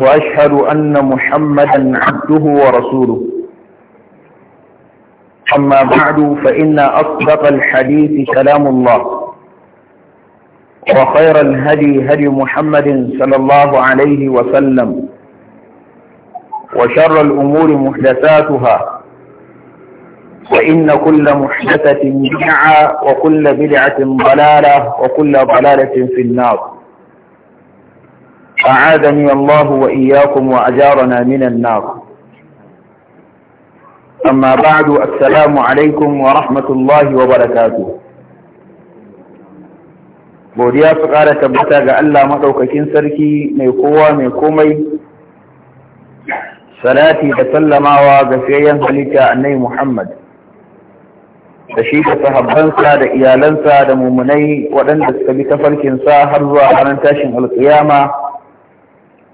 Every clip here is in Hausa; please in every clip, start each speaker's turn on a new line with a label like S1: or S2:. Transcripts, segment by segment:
S1: وأشهد أن محمدا عبده ورسوله أما بعد فإن أصدق الحديث كلام الله وخير الهدي هدي محمد صلى الله عليه وسلم وشر الأمور محدثاتها وإن كل محدثة بدعة وكل بدعة ضلالة وكل ضلالة في النار أعاذني الله وإياكم وأجارنا من النار أما بعد alaikum عليكم ورحمة الله وبركاته godiya su ƙara tabbata ga Allah maɗaukakin sarki mai kowa mai komai salati da sallamawa ga fiyayyen halitta annai Muhammad da shi da sahabbansa da iyalansa da mumunai waɗanda suka bi tafarkinsa har zuwa ranar tashin alƙiyama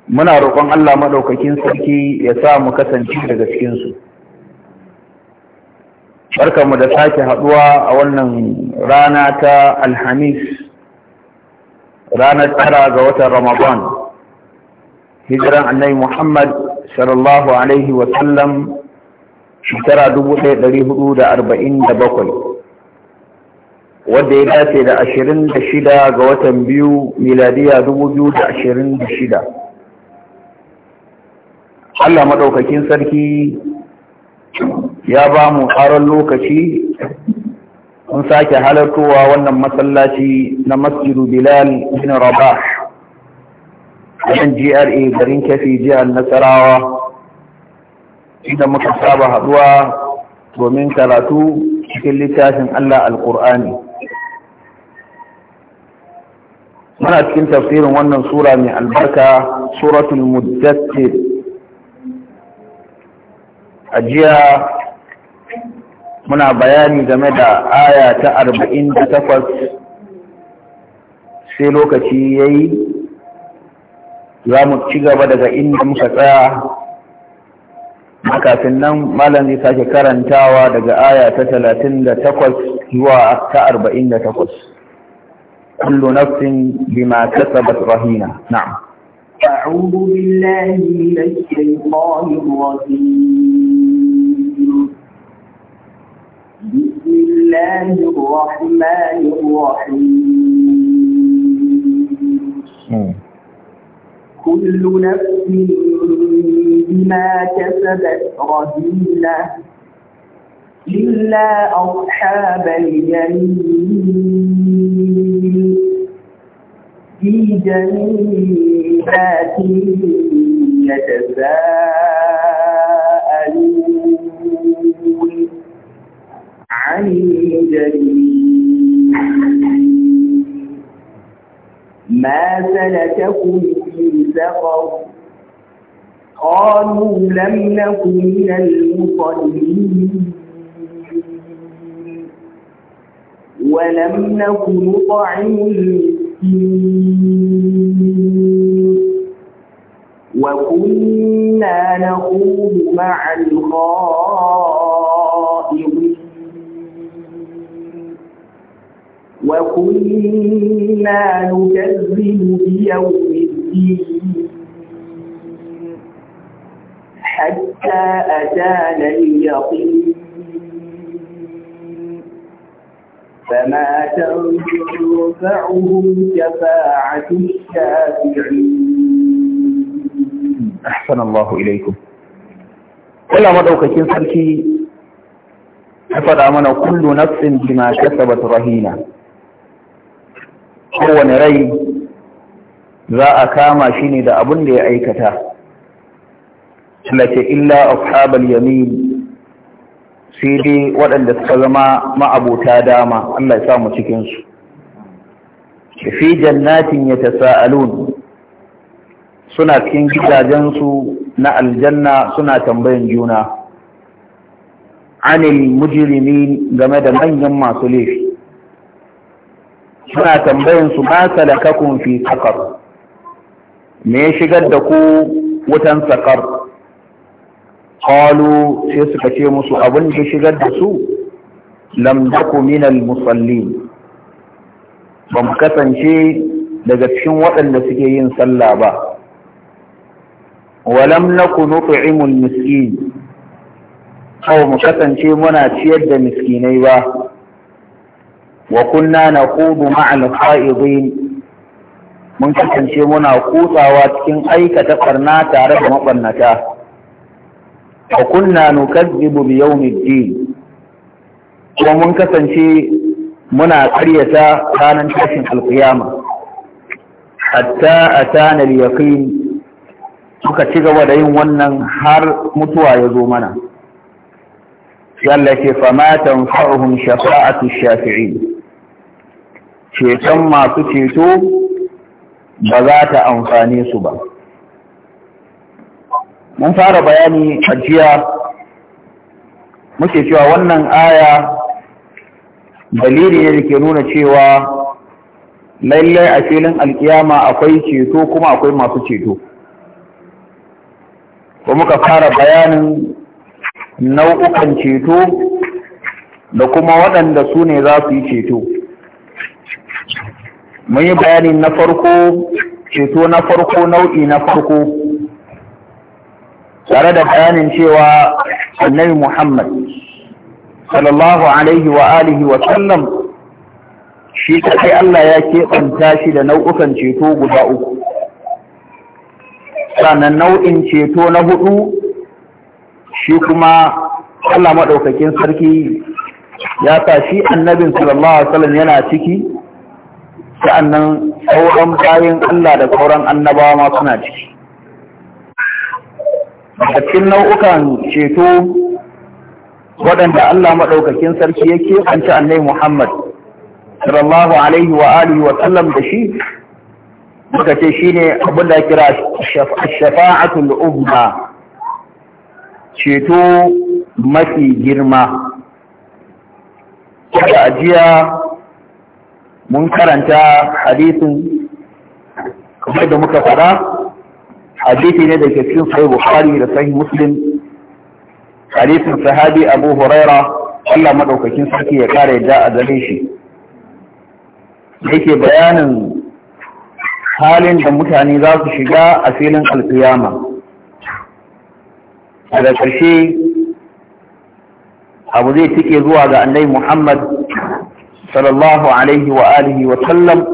S1: muna roƙon Allah maɗaukakin sarki ya sa mu kasance daga cikinsu barkanmu da sake haɗuwa a wannan rana ta alhamis ranar tara ga watan ramadan hijiran annabi muhammad sallallahu alaihi wasallam shekara bakwai, wadda ya dace da ashirin da shida ga watan biyu miladiya shida. Allah maɗaukakin sarki ya ba mu tsaron lokaci mun sake halartowa wannan masallaci na masjidu bilal bin rabah a gra garin kefi jihar nasarawa inda muka saba haɗuwa domin karatu cikin littafin Allah alƙur'ani muna cikin tafsirin wannan sura mai albarka suratul muddassir a jiya muna bayani game da aya ta arba'in da takwas sai lokaci ya yi za mu ci gaba daga inda muka tsaya makafin nan malam zai sake karantawa daga aya ta talatin da takwas zuwa ta arba'in da takwas kullu nafsin bima kasabat rahina
S2: na'am أعوذ بالله من الشيطان الرجيم بسم الله الرحمن الرحيم كل نفس بما كسبت رهينة إلا أصحاب الجنة في جنات يتساءلون عن الجليل ما سلككم في سقر قالوا لم نكن من المصلين ولم نكن نطعم وكنا نخوض مع الخائضين وكنا نكذب بيوم الدين حتى أتانا اليقين فما تنفعهم شفاعة الشافعين
S1: أحسن الله إليكم ولا مدوكين سركي حفظ أمنا كل نفس بما كسبت رهينة
S2: هو نري
S1: za a kama shi ne da abin da ya aikata. Allah ce illa ashabal yamin sai dai waɗanda suka zama ma'abota dama Allah ya sa cikin cikinsu fi jannatin ya tasa'alun suna cikin gidajensu na aljanna suna tambayan juna anil mujrimin game da manyan masu laifi suna tambayan su ma salakakun fi sakar me ya shigar da ku wutan sakar qalu sai suka ce musu abin da shigar da su lam taku minal musallin ba mu kasance daga cikin waɗanda suke yin sallah ba walam naku nut'imul miskin aw mu kasance muna ciyar da miskinai ba wa kunna naqudu ma'al qa'idin mun kasance muna kutsawa cikin aikata barna tare da mabannata wa kunna yau bi yawmiddin Ko mun kasance muna karyata ranar tashin alkiyama hatta atana al-yaqin suka ci gaba da yin wannan har mutuwa ya zo mana yalla ce fama tanfa'uhum shafa'atu shafi'in ceton masu ceto ba za ta amfane su ba mun fara bayani a jiya muke cewa wannan aya dalili ne da ke nuna cewa lallai a filin alkiyama akwai ceto kuma akwai masu ceto ko muka fara bayanin nau'ukan ceto da kuma waɗanda su ne za su yi ceto mun yi bayani na farko ceto na farko nau'i na farko tare da bayanin cewa annabi Muhammad sallallahu alaihi wa alihi wa sallam shi kai Allah ya keɓanta shi da nau'ukan ceto guda uku sannan nau'in ceto na hudu shi kuma Allah maɗaukakin sarki ya sa shi annabin sallallahu alaihi wa sallam yana ciki sa'annan sauran bayan Allah da sauran annabawa ma suna ciki a cikin nau'ukan ceto waɗanda Allah maɗaukakin sarki ya keɓance annai Muhammad sallallahu alaihi wa alihi wa sallam da shi muka ce shi ne abin da kira shafa'atul umma ceto mafi girma Kada ajiya mun karanta hadisin kamar da muka fara hadisi ne da ke sai sahih da sahih muslim hadisin sahabi abu huraira Allah madaukakin saki ya kare da a gare shi yake bayanin halin da mutane za su shiga a filin alkiyama
S3: da ƙarshe
S1: abu zai tike zuwa ga annai muhammad sallallahu alaihi wa alihi wa sallam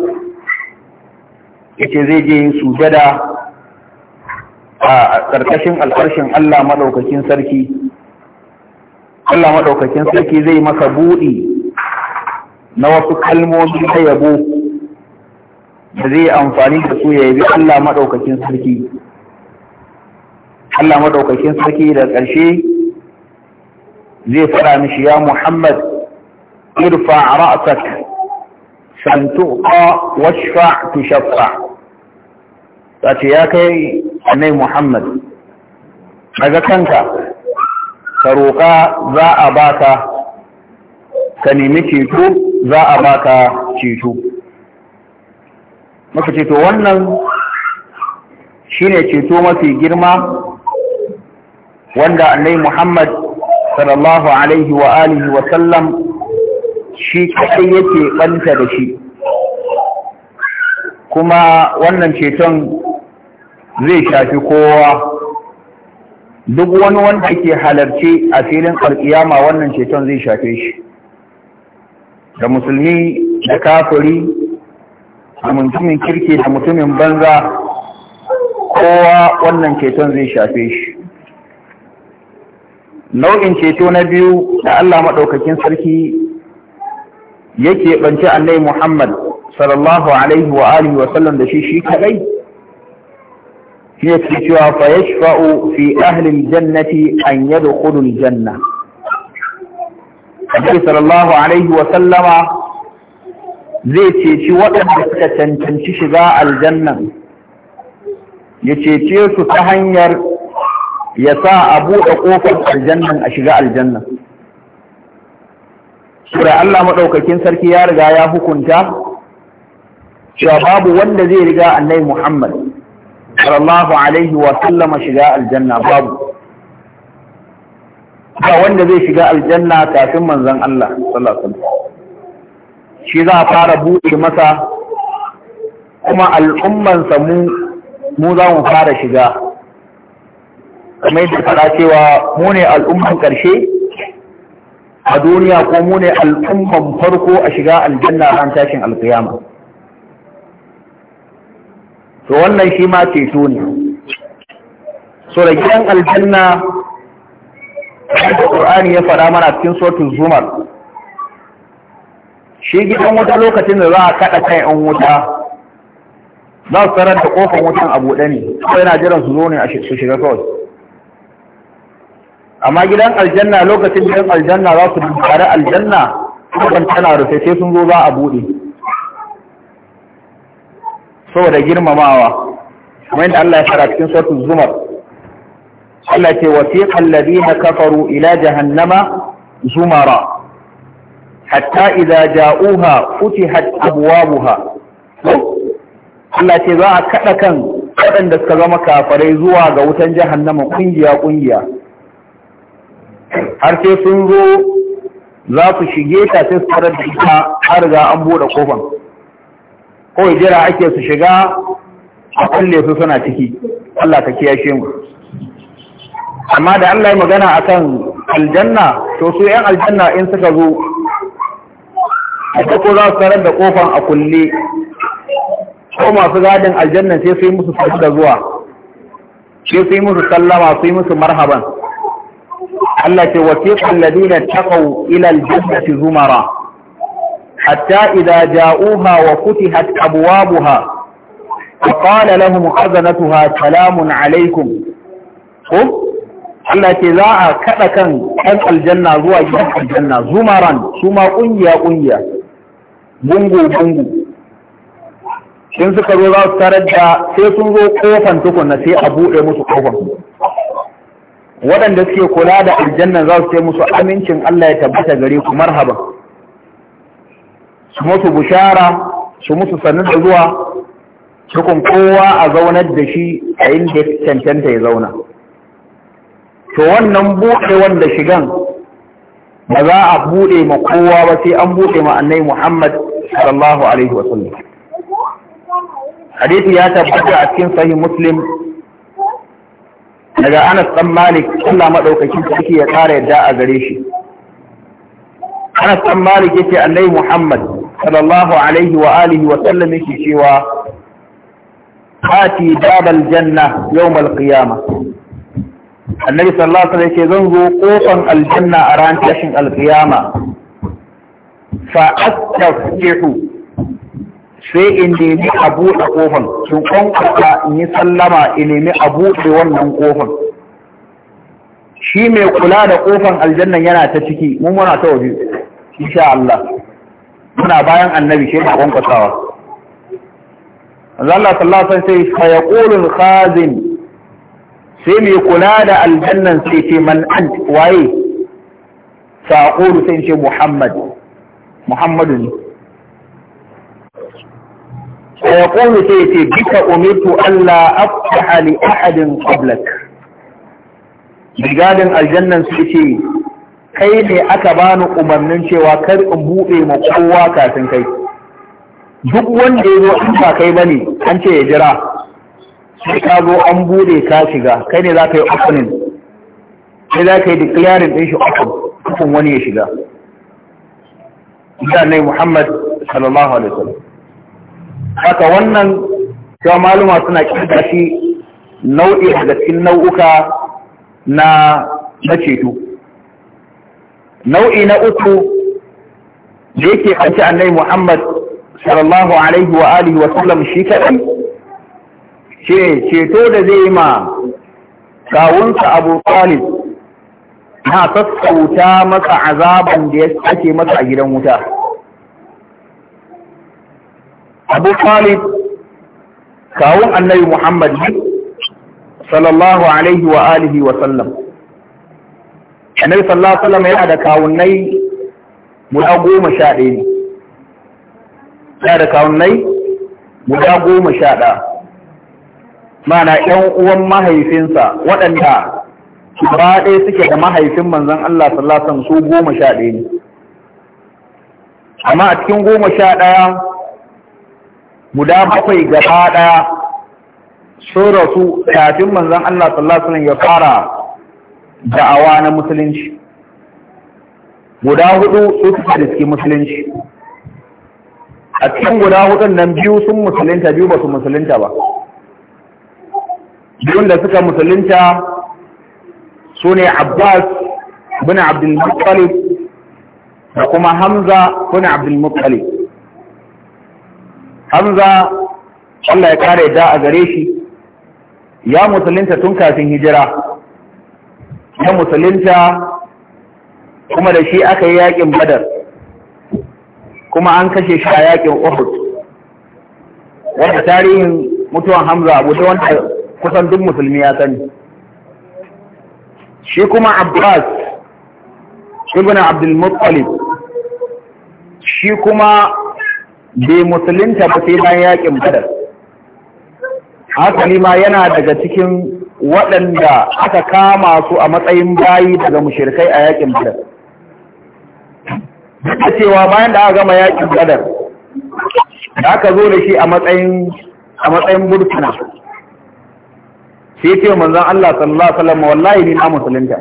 S1: zai je sujada a ƙarƙashin alfarshin Allah maɗaukakin sarki Allah maɗaukakin sarki zai maka buɗi na wasu kalmomi ta yabo da zai amfani da su ya yabi Allah maɗaukakin sarki Allah maɗaukakin sarki da ƙarshe zai faɗa mishi ya Muhammad irfa ra'sak santuqa washfa tushaffa ta ce ya kai annai Muhammad daga kanka ka roƙa za a baka ka nemi ceto za a baka ceto Maka ceto wannan shi ne ceto mafi girma wanda annai Muhammad sallallahu alaihi wa alihi wa sallam shi kai yake banta da shi kuma wannan ceton zai shafi kowa duk wani wanda ke halarci a filin alƙiyama wannan ceton zai shafe shi da musulmi da kafiri da mutumin kirki da mutumin banza kowa wannan ceton zai shafe shi nau'in ceto na biyu da Allah maɗaukakin sarki yake ɓance annai Muhammad sallallahu alaihi wa alihi wa da shi shi kaɗai shi ne suke cewa fa yashfa'u fi ahlin jannati an yadkhulul janna
S3: Annabi sallallahu alaihi wa
S1: sallama zai ceci waɗanda suka cancanci shiga aljannan ya cece su ta hanyar ya sa a buɗe ƙofar aljannan a shiga aljannan Sura Allah maɗaukakin sarki ya riga ya hukunta cewa babu wanda zai riga annai Muhammad sallallahu alaihi wa sallama shiga aljanna babu ba wanda zai shiga aljanna kafin manzon Allah sallallahu shi za a fara buɗe masa kuma al'ummansa mu mu za mu fara shiga kamar yadda fara cewa mu ne al'umman ƙarshe a duniya ko mu ne al'umman farko a shiga aljanna ran tashin alƙiyama to wannan shi ma ceto ne surayen aljanna da ƙur'ani ya faɗa mana cikin sautin zumar shi gidan wuta lokacin da za a kaɗa kai an wuta za su tarar da ƙofar wutan a buɗe ne ko yana jiran su zo ne su shiga kawai amma gidan aljanna lokacin gidan aljanna za su tare aljanna kuma tana rufe sai sun zo za a buɗe saboda girmamawa kamar yadda Allah ya fara cikin suratul zumar Allah ce wa fiqa alladhina kafaru ila jahannama zumara hatta idza ja'uha futihat abwabuha Allah ce za a kada kan waɗanda suka zama kafarai zuwa ga wutan jahannama kungiya kungiya har sai sun zo za su shige ta sai su fara da ita har ga an bude kofan kawai jira ake su shiga a kulle su suna ciki Allah ka kiyashe mu amma da Allah ya magana akan aljanna to su yan aljanna in suka zo a ko za su tarar da kofan a kulle ko masu gadin aljanna sai su yi musu da zuwa sai su yi musu sallama su yi musu marhaban Allah ce wasiqal ladina taqaw ila aljannati zumara hatta idza ja'uha wa futihat abwabuha qala lahum khazanatuha salamun alaikum ko Allah ce za a kada kan ɗan aljanna zuwa gidan aljanna zumaran su ma ƙungiya ƙungiya bungu-bungu.
S3: in suka zo za su tarar da sai sun zo kofan tukunna sai a buɗe musu kofan
S1: waɗanda suke kula da aljanna za su ce musu amincin Allah ya tabbata gare ku marhaban su musu bushara su musu sannu da zuwa cikin kowa a zaunar da shi a inda cancanta ya zauna to wannan buɗe wanda shigan ba za a buɗe ma kowa ba sai an buɗe ma annai muhammad sallallahu alaihi wasallam
S3: hadithi ya tabbata a cikin sahih muslim
S1: daga anas dan malik Allah madaukakin sarki ya kara yadda a gare shi anas dan malik yake annai muhammad sallallahu alaihi wa alihi wa sallam yake cewa ati babal janna yawmal qiyama annabi sallallahu alaihi yake zan zo kofan aljanna a ran tashin alqiyama fa astafihu sai in nemi a buɗe kofan in kwankwasa in yi sallama in nemi a buɗe wannan kofan shi mai kula da kofan aljannan yana ta ciki mun muna ta waje insha Allah muna bayan annabi shi ne kwankwasawa Allah sallallahu alaihi wasallam sai fa yaqulu khazin sai mai kula da aljannan sai ce man ant waye fa aqulu sai ce muhammad muhammadu ne fa yaqulu sai ce bika umirtu Allah aftaha hali ahadin qablak bigadin aljannan sai ce kai ne aka bani umarnin cewa kar in buɗe ma kowa kafin kai duk wanda ya zo in ba kai bane an ce ya jira sai ka zo an buɗe ka shiga kai ne za ka yi opening sai za ka yi declaring ɗin shi open kafin wani ya shiga da nai Muhammad sallallahu alaihi wasallam haka wannan
S3: cewa maluma suna kirga
S1: shi nau'i daga cikin nau'uka na na ceto nau'i na uku da yake kanci annai Muhammad sallallahu alaihi wa alihi wa sallam shi kaɗai ce ceto da zai ma kawunsa Abu Talib na sassauta masa azaban da ya ake masa a gidan wuta Abu Talib kawun annabi Muhammad sallallahu alaihi wa alihi wa sallam annabi sallallahu alaihi wasallam yana da kawunnai guda goma sha ɗaya ne yana da kawunnai guda goma sha ɗaya mana ƴan uwan mahaifinsa waɗanda ba ɗaya suke da mahaifin manzon Allah sallallahu alaihi wasallam su goma sha ɗaya ne amma a cikin goma sha ɗaya guda bakwai gaba ɗaya sun rasu kafin manzon Allah sallallahu alaihi wasallam ya fara da'awa na musulunci guda hudu su suka riski musulunci a cikin guda hudun nan biyu sun musulunta biyu ba su musulunta ba biyun da suka musulunta su ne abbas
S3: bin abdulmuttalib
S1: da kuma hamza bin abdulmuttalib hamza Allah ya kare da a gare shi ya musulunta tun kafin hijira na musulunta kuma da shi aka yi yakin badar kuma an kashe shi a yakin uhud wanda tarihin mutuwan hamza abu ta wanda kusan duk musulmi ya sani shi kuma abbas ibn abdulmuttalib shi kuma bai musulunta ba sai bayan yakin badar hakali ma yana daga cikin waɗanda aka kama su a matsayin bayi daga mushirkai a yakin badar duk cewa bayan da aka gama yakin badar da aka zo da shi a matsayin burkina sai ce manzan Allah sallallahu alaihi wasallam wallahi ni na musulunta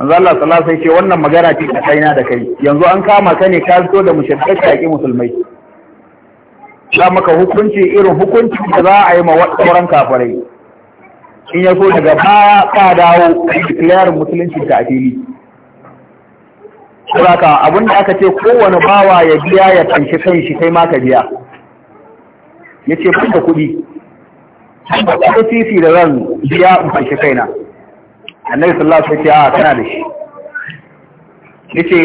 S1: Manzan Allah sallallahu alaihi ce wannan magana ce ta kaina da kai yanzu an kama ka ne ka zo da mushirkai ka yaki musulmai za maka hukunci irin hukunci da za a yi ma sauran kafarai. in ya so daga ba ka dawo declare musulunci ta fili saboda abin da aka ce kowane bawa ya biya ya kan shi, kai ma ka biya yace kun da kuɗi ba ko titi da zan biya in kanshi kaina annabi sallallahu alaihi wasallam ya ce a kana da shi yace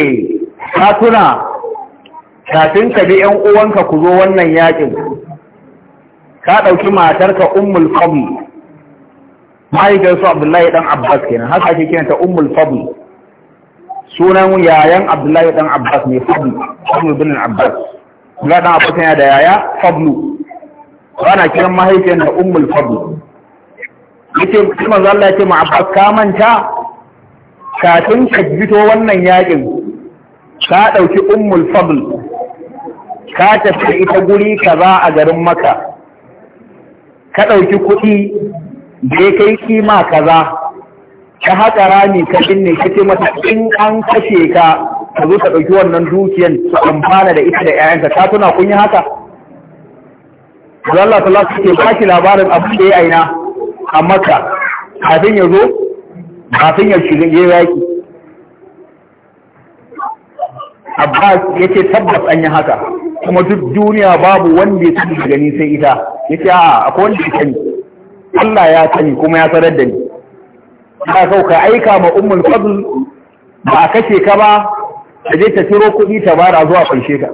S1: ka tuna kafin ka bi ‘yan uwanka ku zo wannan yakin, ka ɗauki matarka ummul fam mahaifiyar su abdullahi dan abbas kenan haka ake kiran ta ummul fadl sunan yayan abdullahi dan abbas ne fadl fadl bin abbas abdullahi dan abbas yana da yaya fadlu ana kiran mahaifiyar da ummul fadl ce kuma Allah ya ce ma abbas ka manta kafin ka fito wannan yakin ka dauki ummul fadl ka tafi ita guri kaza a garin maka ka dauki kuɗi da ya kai kima kaza ka haƙa rami ka binne ka ce mata in an kashe ka ka zo ka ɗauki wannan dukiyan su amfana da ita da ƴaƴanka ka tuna kun yi haka Allah ta alaihi wasallam ba shi labarin abin da ya aina a Makka kafin ya zo kafin ya shiga yaki
S3: Abbas yace tabbas
S1: an yi haka kuma duk duniya babu wanda ya sani gani sai ita Ya ce a'a akwai wanda ya kani? Allah ya sani kuma ya sanar da ni ta sau ka aika ma ummul fadl ba a kashe ka ba Ka je ta tiro kuɗi ta bara zuwa kunshe ka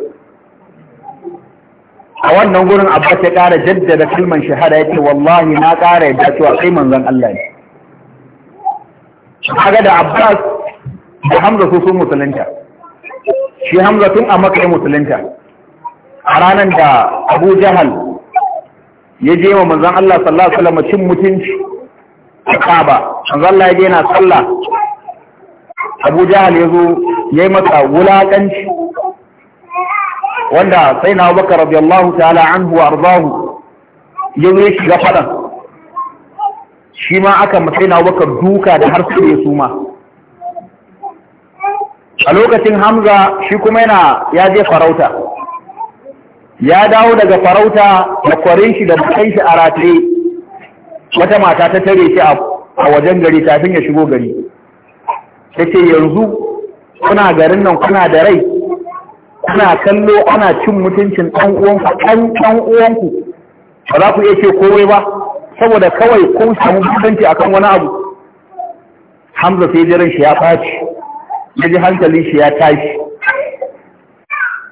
S1: a wannan gurin abbas ya ƙara jaddada kalman shahada ya ce wallahi na ƙara yadda cewa kai manzon Allah ne kaga da abbas da hamza su sun musulunta shi hamza tun a makai musulunta a ranar da abu jahal ya je wa manzan Allah sallallahu alaihi wasallam cin mutunci a Kaaba manzan Allah ya je yana sallah
S3: Abu Jahal ya zo ya yi masa wulakanci wanda sai na Abubakar radiyallahu ta'ala anhu wa ardahu
S1: ya zo ya shiga faɗan. shi ma aka sai na Abubakar duka da har sai ya suma a lokacin Hamza shi kuma yana ya je farauta ya dawo daga farauta da kwarin shi da bakai shi a rataye wata mata ta tare shi a wajen gari kafin ya shigo gari ta ce yanzu kuna garin nan kuna da rai
S3: kuna kallo
S1: ana cin mutuncin ɗan uwanku ɗan ba za ku iya ce kowai ba saboda kawai kun samu mutunci akan wani abu hamza sai jiran shi ya ɓaci ya ji hankalin shi ya tashi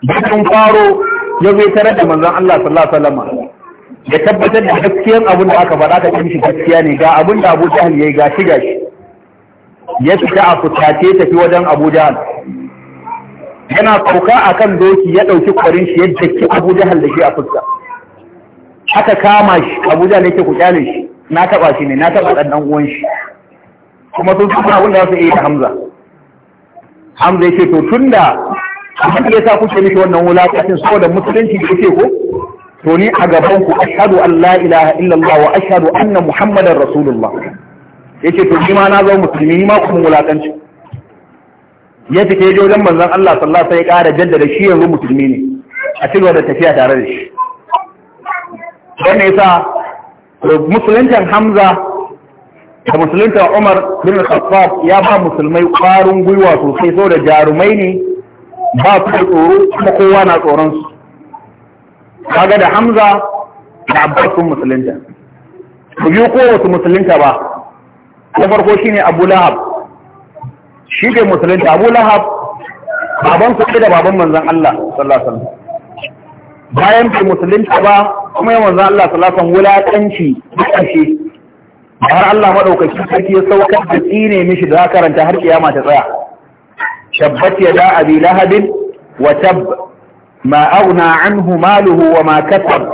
S1: bakin faro ya zai tarar da manzon Allah sallallahu alaihi wasallam ya tabbatar da gaskiyar abin da aka faɗa ta kimshi gaskiya ne ga abin da Abu Jahl yayi gashi gashi ya fita a ta tafi wajen Abu Jahl yana sauka akan doki ya ɗauki kwarin shi yadda ke Abu Jahl da shi a fuska haka kama shi Abu Jahl yake ku kyale shi na taɓa shi ne na taɓa ɗan uwan shi kuma sun suna abin da za su iya da Hamza Hamza yake to tunda abin da yasa kuke miki wannan wulakacin saboda musulunci da yake ko to ni a gaban ku ashhadu an la ilaha illallah wa ashhadu anna muhammadar rasulullah yace to ni ma na zama musulmi ni ma kun wulakanci ya take je wajen manzon Allah sallallahu alaihi wasallam sai ya ƙara jaddada shi yanzu musulmi ne a cikin da tafiya tare da shi don yasa musuluntan hamza da musuluntan umar bin al-khattab ya ba musulmai ƙwarin gwiwa sosai so da jarumai ne ba su da tsoro kuma kowa na tsoron su kaga da hamza da abbas sun musulunta Ba biyu ko wasu musulunta ba na farko shine abu lahab shi ke musulunta abu lahab baban kuɗi da baban manzan allah sallallahu alaihi wasallam bayan bai musulunta ba kuma yi manzan Allah salafan wulaƙanci da ƙarshe har Allah maɗaukaki sarki ya saukar da tsine mishi da za karanta har kiyama ta tsaya tabbat yada abi lahabin wa tab ma aghna anhu maluhu wa ma kasab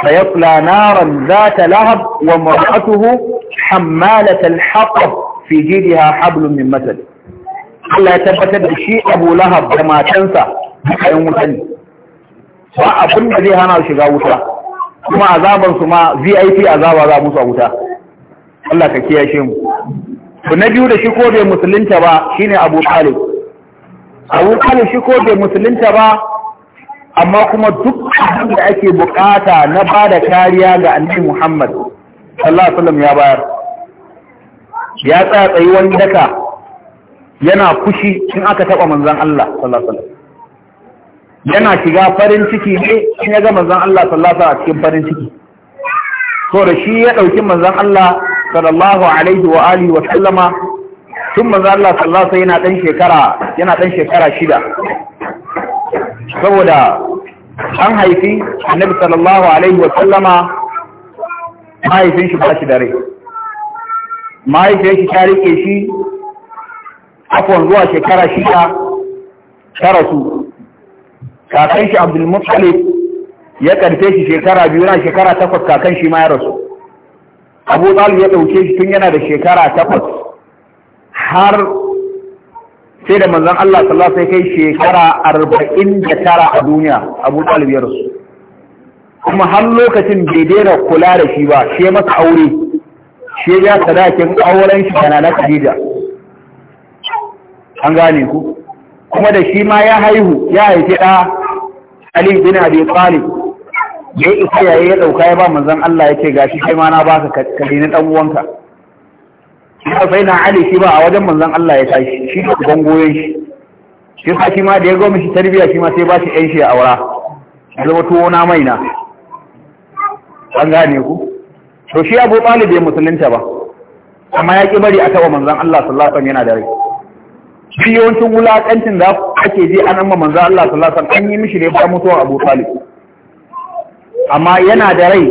S1: sayasla naran zata lahab wa mar'atuhu hammalat al-hatab fi jidha hablum min masad Allah ya tabbatar da shi Abu Lahab matansa ne ba abin da zai hana shiga wuta kuma azaban su ma VIP azaba za musu a wuta Allah ka kiyashe mu to na biyu da shi ko bai musulunta ba shine Abu Talib abu talib shi ko bai musulunta ba amma kuma duk abin da ake bukata na ba da kariya ga annabi muhammad sallallahu alaihi wasallam ya bayar
S3: ya tsaya wani daka
S1: yana kushi in aka taba manzon Allah sallallahu alaihi yana shiga farin ciki ne in ya ga manzon Allah sallallahu alaihi a cikin farin ciki so da shi ya dauki manzon Allah sallallahu alaihi wa alihi wa sallama tun maza Allah sallasa yana ɗan shekara yana ɗan shekara shida saboda an haifi annabi sallallahu alaihi wa sallama mahaifin shi ba shi da rai shi ta rike shi afon zuwa shekara shida ta rasu kakan shi abdul ya karfe shi shekara biyu na shekara takwas kakan shi ma ya rasu abu talib ya ɗauke shi tun yana da shekara takwas har sai da manzan Allah sallallahu sai kai shekara arba'in da tara a duniya abu talib ya kuma har lokacin bai daina kula da shi ba shi masa aure shi ya sadakin auren shi kana na kadija an gane ku kuma da shi ma ya haihu ya haifi da Ali bin Abi Talib ya isa yayi ya dauka ya ba manzon Allah yake gashi kai ma na baka kai na dan uwanka shi ka sai na ali shi ba a wajen manzon Allah ya tashi shi da uban goyon shi shi ba shi ma da ya goma shi tarbiya shi ma sai ba shi ɗan shi aura ya zama tuwo na maina an gane ku to shi abu ɓali bai musulunta ba amma ya ƙi bari a taɓa manzon Allah sallallahu alaihi yana da rai shi yawancin wulaƙancin da ake a an amma manzon Allah sallallahu alaihi an yi mishi ne ba mutuwar abu ɓali amma yana da rai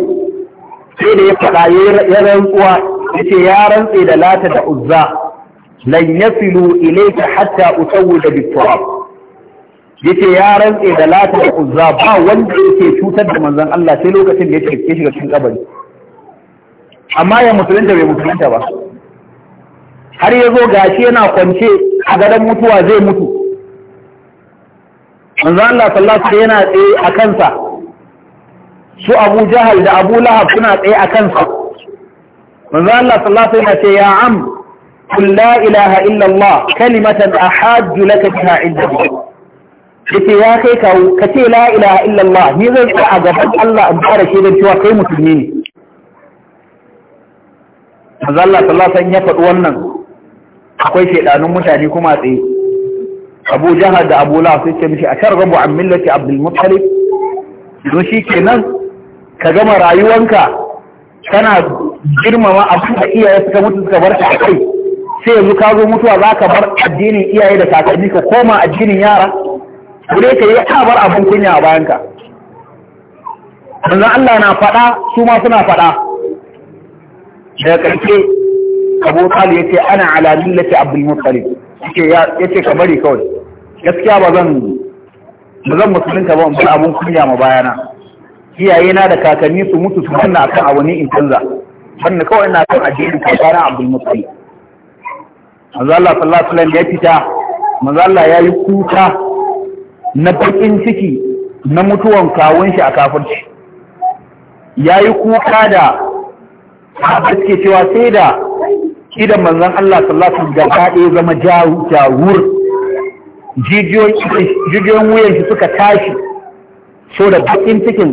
S1: sai da ya faɗa ya rantsuwa yace ya rantse da lata da uzza lan yasilu ilayka hatta usawwida bi turab yace ya rantse da lata da uzza ba wanda yake cutar da manzon Allah sai lokacin da yake ke shiga cikin kabari amma ya musulunta bai musulunta ba har ya zo gashi yana kwance a gadon mutuwa zai mutu manzon Allah sallallahu alaihi yana tsaye a kansa su Abu Jahal da Abu Lahab suna tsaye a kansa manzo Allah sallallahu alaihi wasallam ya am qul la ilaha illa Allah kalimatan ahajju laka biha inda yace ya kai kawo ka ce la ilaha illa Allah ni zan tsaya a gaban Allah in fara shaidar cewa kai musulmi ne manzo Allah sallallahu alaihi wasallam ya faɗi wannan akwai shaidanun mutane kuma tsaye Abu Jahal da Abu Lahab sai ce mishi a sharrabu an millati Abdul Muttalib don shi kenan ka gama rayuwanka kana girmama abin da iyaye suka mutu suka bar a kai sai yanzu ka zo mutuwa za ka bar addinin iyaye da kakanni ka koma addinin yara gure ka yi a bar abin kunya a bayanka manzon Allah na faɗa su ma suna faɗa daga ƙarshe Abu Talib yace ana ala millati Abdul Muttalib yace ka bari kawai gaskiya ba zan ba zan musulun ka ba bar abun kunya ma bayana iyaye na da kakanni su mutu su kunna akan abu ne in canza wanda kawai na kan addinin kafaran abdul mutsali manzo Allah sallallahu alaihi wasallam ya fita manzo Allah ya yi kuka na bakin ciki na mutuwan kawun shi a kafirci ya yi kuka da a cewa sai da idan manzon Allah sallallahu alaihi wasallam da kaɗe zama jawur jijiyoyin wuyan shi suka tashi so da bakin cikin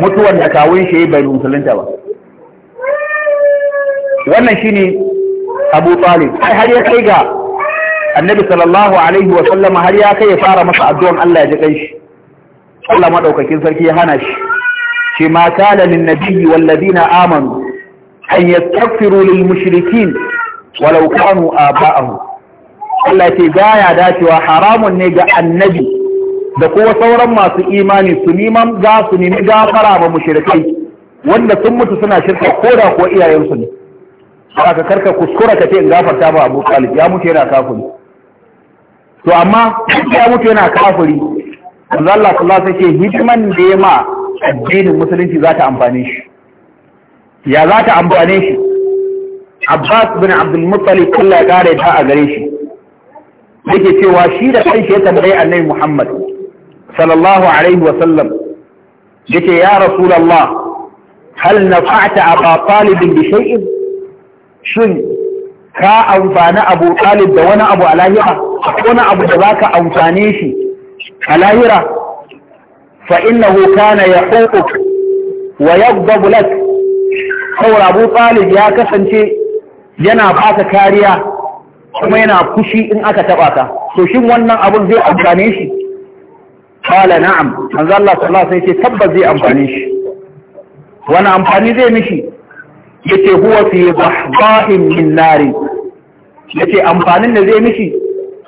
S1: mutuwan da kawun shi ya yi bai musulunta ba wannan shine Abu Talib har ya kai ga Annabi sallallahu alaihi wa sallama har ya kai ya fara masa addu'an Allah ya ji kanshi Allah madaukakin sarki ya hana shi shi ma kana lin nabiyyi wal ladina amanu an yastaghfiru lil mushrikin walau kanu aba'ahum Allah ce ya dacewa haramun ne ga annabi da kuma sauran masu imani su neman ga su nemi gafara ba mushrikai wanda sun mutu suna shirka ko da kuwa iyayensu ne haka karka kuskura ka ce in gafarta ba Abu Talib ya mutu yana kafiri to amma ya mutu yana kafiri Allah Allah sallallahu alaihi wasallam hikiman da ya ma addinin musulunci za ta amfane shi ya za ta amfane shi Abbas bin Abdul Muttalib Allah ya kare ta a gare shi yake cewa shi da kanshi ya tambayi Annabi Muhammad sallallahu alaihi wasallam yake ya Rasulullah hal nafa'ta aba talibin bi shay'in shin ka amfani abu talib da wani abu a lahira wani abu da za ka amfane shi a lahira fa innahu kana ya hukuk wa yagdabu lak saboda abu talib ya kasance yana baka kariya kuma yana kushi in aka taɓa ka to shin wannan abun zai amfane shi qala na'am manzo Allah sallallahu alaihi ce tabbas zai amfane shi wani amfani zai mishi yace huwa fi dhahdahin min nari yace amfanin da zai mishi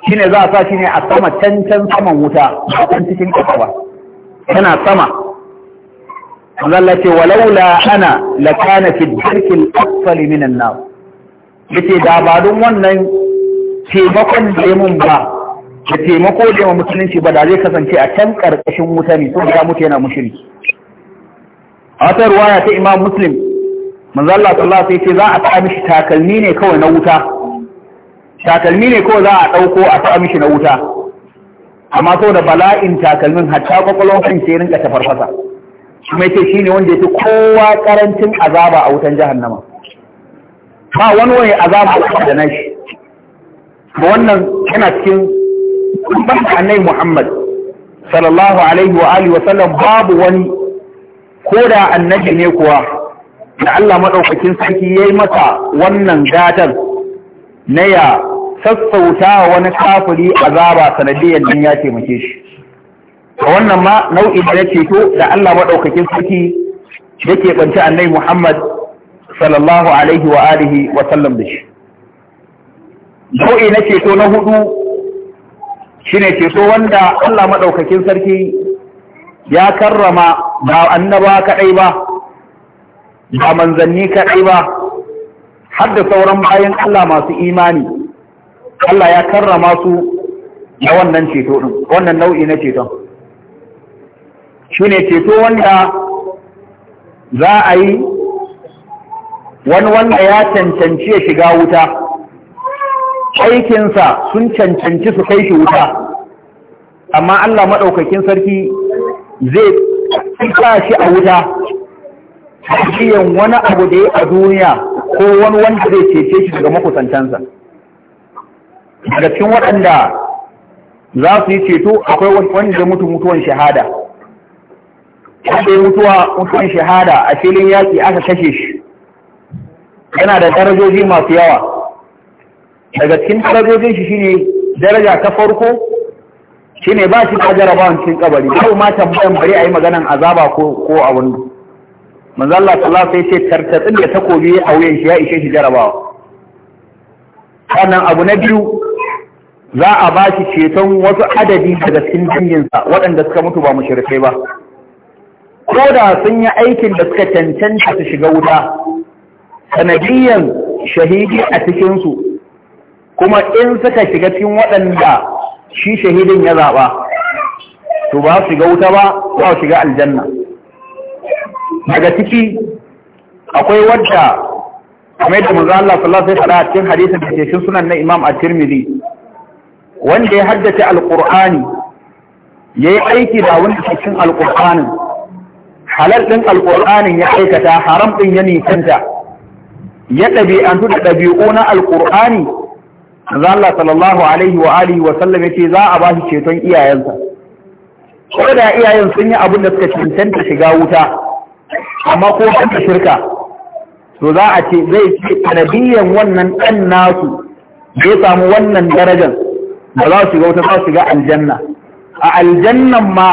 S1: shine za a sa shi ne a sama cancan saman wuta can cikin kafa ba sama Allah ce walaula ana la kana fi asfali minan nar yace da ba don wannan taimakon da ba da taimako da yamin musulunci ba da zai kasance a can karkashin wuta ne sun ga mutu yana mushriki a wata ruwaya ta Imam Muslim manzalla sallallahu alaihi ce za a ta mishi takalmi ne kawai na wuta takalmi ne kawai za a ɗauko a ta mishi na wuta amma sau da bala'in takalmin hatta kwakwalwar kan sai rinka ta farfasa shi ne wanda ya fi kowa karancin azaba a wutan jahannama ba wani wani azaba da na shi ba wannan yana cikin ban annai muhammad sallallahu alaihi wa alihi wa sallam babu wani ko da annabi ne kuwa da Allah maɗaukakin sarki ya yi mata wannan gatar na ya sassauta wani kafiri azaba sanadiyar nan ya taimake shi a wannan ma nau'i da ya ceto da Allah maɗaukakin sarki yake kwanci annai Muhammad sallallahu alaihi wa alihi wa sallam da shi nau'i na ceto na hudu shine ceto wanda Allah maɗaukakin sarki ya karrama ba annaba kaɗai ba ba manzanni kaɗai ba har da sauran bayan Allah masu imani Allah ya karrama su da wannan ceto ɗin wannan nau'i na ceton shi ne ceto wanda za a yi wani wanda ya cancanci ya shiga wuta aikinsa sun cancanci su kai shi wuta amma Allah maɗaukakin sarki zai sa shi a wuta biyan wani abu da ya a duniya ko wani wanda zai cece shi daga makusantansa daga cikin waɗanda za su yi ceto akwai wani da mutu mutuwan shahada wanda ya mutuwa mutuwan shahada a filin yaƙi aka kashe shi yana da darajoji masu yawa daga cikin darajojin shi shine daraja ta farko shine ba shi da jarabawan cikin kabari yau ma tambayan bari a yi maganan azaba ko a wani manzo Allah sallallahu alaihi wasallam sai ce tartatsin da takobi a wuyan shi ya ishe shi jarabawa sannan abu na biyu za a ba shi ceton wasu adadi daga cikin danginsa waɗanda suka mutu ba mushrikai ba ko da sun yi aikin da suka cancanta su shiga wuta sanadiyyan shahidi a cikinsu kuma in suka shiga cikin waɗanda shi shahidin ya zaɓa to ba su shiga wuta ba ba su shiga aljanna daga ciki akwai wadda kamar da manzo Allah sallallahu alaihi wasallam a cikin hadisin da cikin sunan na Imam At-Tirmidhi wanda ya haddace Al-Qur'ani yayi aiki da wanda cikin Al-Qur'anin halal din Al-Qur'anin ya aikata haram din ya nisanta ya dabi'antu da dabi'u na Al-Qur'ani manzo Allah sallallahu alaihi wa alihi wa sallam yace za a bashi ceton iyayensa ko da iyayen sun yi abin da suka cancanta shiga wuta amma ko da shirka to za a ce zai ce sanadiyan wannan ɗan nasu zai samu wannan darajar ba za su shiga wata za su shiga aljanna a aljannan ma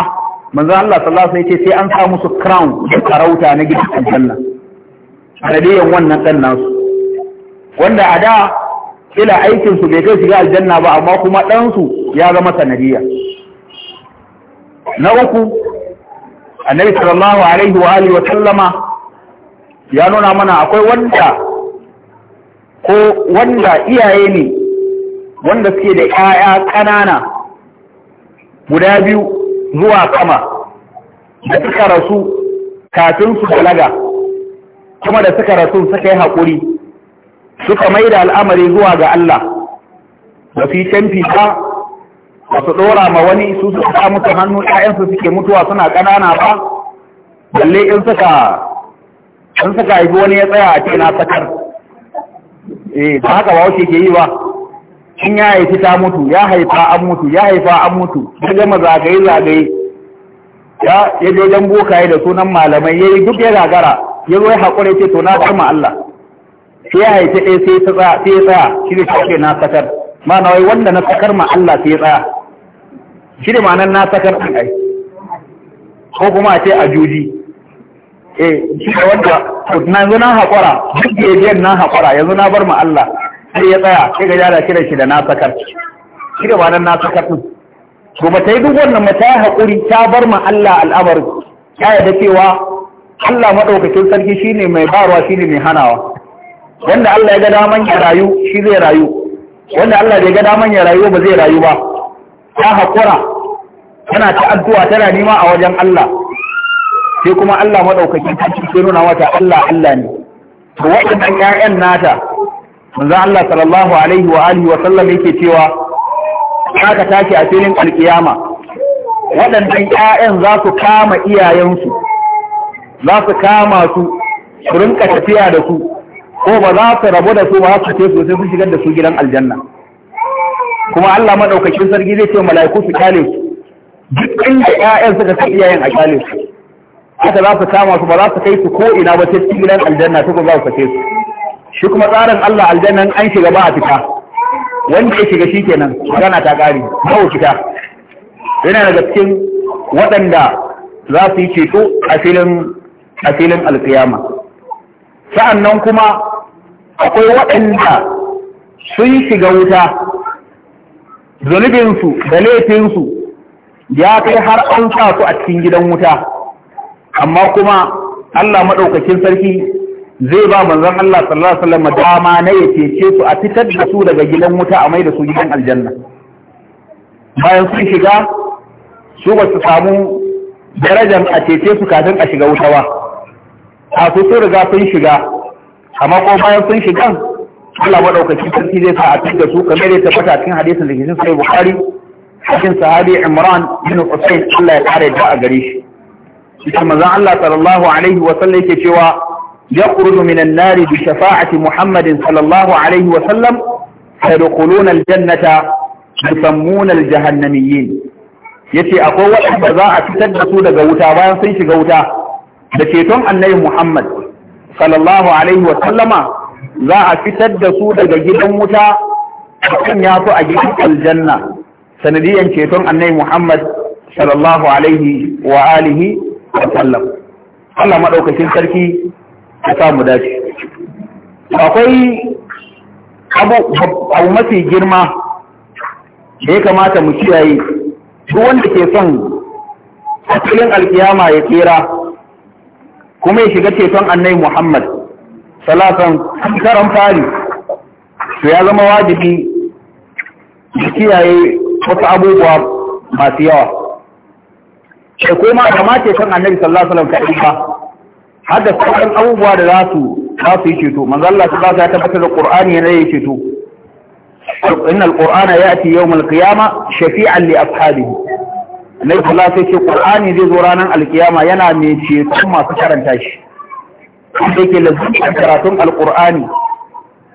S1: manzo Allah sallallahu alaihi wasallam sai an samu musu crown da karauta na gidan aljanna sanadiyan wannan ɗan nasu wanda a da ila aikin su bai kai shiga aljanna ba amma kuma ɗansu ya zama sanadiyya na uku annabi sallallahu alaihi wa alihi wa sallama ya nuna mana akwai wanda ko wanda iyaye ne wanda suke da ƴaƴa ƙanana guda biyu zuwa kama. da suka rasu kafin su balaga kuma da suka rasu suka yi haƙuri suka mai da al'amari zuwa ga Allah da su yi canfi ba ba su ɗora ma wani su su ta musu hannu 'ya'yansu suke mutuwa suna ƙanana ba balle in suka in suka haifi wani ya tsaya a ce na sakar eh ba haka ba wace ke yi ba in ya haifi ta mutu ya haifa an mutu ya haifa an mutu ya gama zagaye zagaye ya ya je wajen bokaye da sunan malamai yayi duk ya gagara ya zo ya haƙura ce to na ma Allah sai ya haifi ɗaya sai ya tsaya sai ya tsaya shi ne shi na sakar ma na wai wanda na sakar ma Allah sai ya tsaya shi da ma'anar na sakar ɗin ai ko kuma a ce a juji eh shi da wanda na yanzu na haƙura duk da yajiyar na haƙura yanzu na bar ma'alla Allah sai ya tsaya sai ga jada kiran shi da na sakar shi da ma'anar na sakar ɗin ko ba ta yi duk wannan mata ta yi haƙuri ta bar ma'alla Allah al'amarin ya yarda cewa Allah maɗaukakin sarki shine mai barwa shine mai hanawa wanda Allah ya ga daman ya rayu shi zai rayu wanda Allah bai ga daman ya rayu ba zai rayu ba ta haƙura tana ta addu'a tana nema a wajen Allah sai kuma Allah madaukakin sarki sai nuna mata Allah Allah ne to waɗannan ƴaƴan nata manzo Allah sallallahu alaihi wa alihi wa sallam yake cewa haka take a filin alkiyama waɗannan ƴaƴan za su kama iyayensu za su kama su su rinka tafiya da su ko ba za su rabu da su ba su ce sosai su shigar da su gidan aljanna kuma Allah madaukakin sarki zai ce mala'iku su kale su duk inda ƴaƴan suka kai iyayen a kyale su haka za su kama su ba za su kai su ko ina ba sai cikin aljanna ta ba su kace su shi kuma tsarin Allah aljannan an shiga ba a fita wanda ya shiga shi nan, magana ta kare ba fita yana daga cikin waɗanda za su yi ceto a filin a filin alƙiyama sa'annan kuma akwai waɗanda sun shiga wuta zunubinsu da laifinsu ya kai har an sa su a cikin gidan wuta amma kuma Allah maɗaukakin sarki zai ba manzon Allah sallallahu alaihi wasallam dama na ya cece su a fitar da su daga gidan wuta a mai da su gidan aljanna bayan sun shiga su ba su samu darajar a cece su kafin a shiga wuta ba a su sun riga sun shiga amma ko bayan sun shiga Allah maɗaukakin sarki zai sa a fitar da su kamar da ta fata cikin hadisin da ke cikin sahih Bukhari cikin sahabi Imran bin Husayn Allah ya kare ta a gare shi cikin manzon Allah sallallahu alaihi wa sallam yake cewa yakhruju minan nari bi shafa'ati Muhammadin sallallahu alaihi wa sallam sayadkhuluna aljannata yusammuna aljahannamiyyin yace akwai waɗanda za a fitar da su daga wuta bayan sun shiga wuta da ceton annabi Muhammad sallallahu alaihi wa sallama za a fitar da su daga gidan wuta a kan ya a gidan aljanna sanadiyan ceton annabi Muhammad sallallahu alaihi wa alihi wa sallam Allah madaukakin sarki ya dace akwai abu mafi girma da ya kamata mu kiyaye duk wanda ke son filin alkiyama ya tsira kuma ya shiga ceton annai Muhammad salatan karan fari to ya zama wajibi ya kiyaye wasu abubuwa masu yawa da kuma kamata kan annabi sallallahu alaihi wasallam kadai ba har da sauran abubuwa da za su za su yi ceto manzo Allah ta ya tabbatar da Qur'ani ne ya ceto inna al-Qur'ana ya'ti yawm al-qiyama shafi'an li ashabihi annabi sallallahu alaihi wasallam Qur'ani zai zo ranar al-qiyama yana mai ceto masu karanta shi wanda ke lazimta karatun al-Qur'ani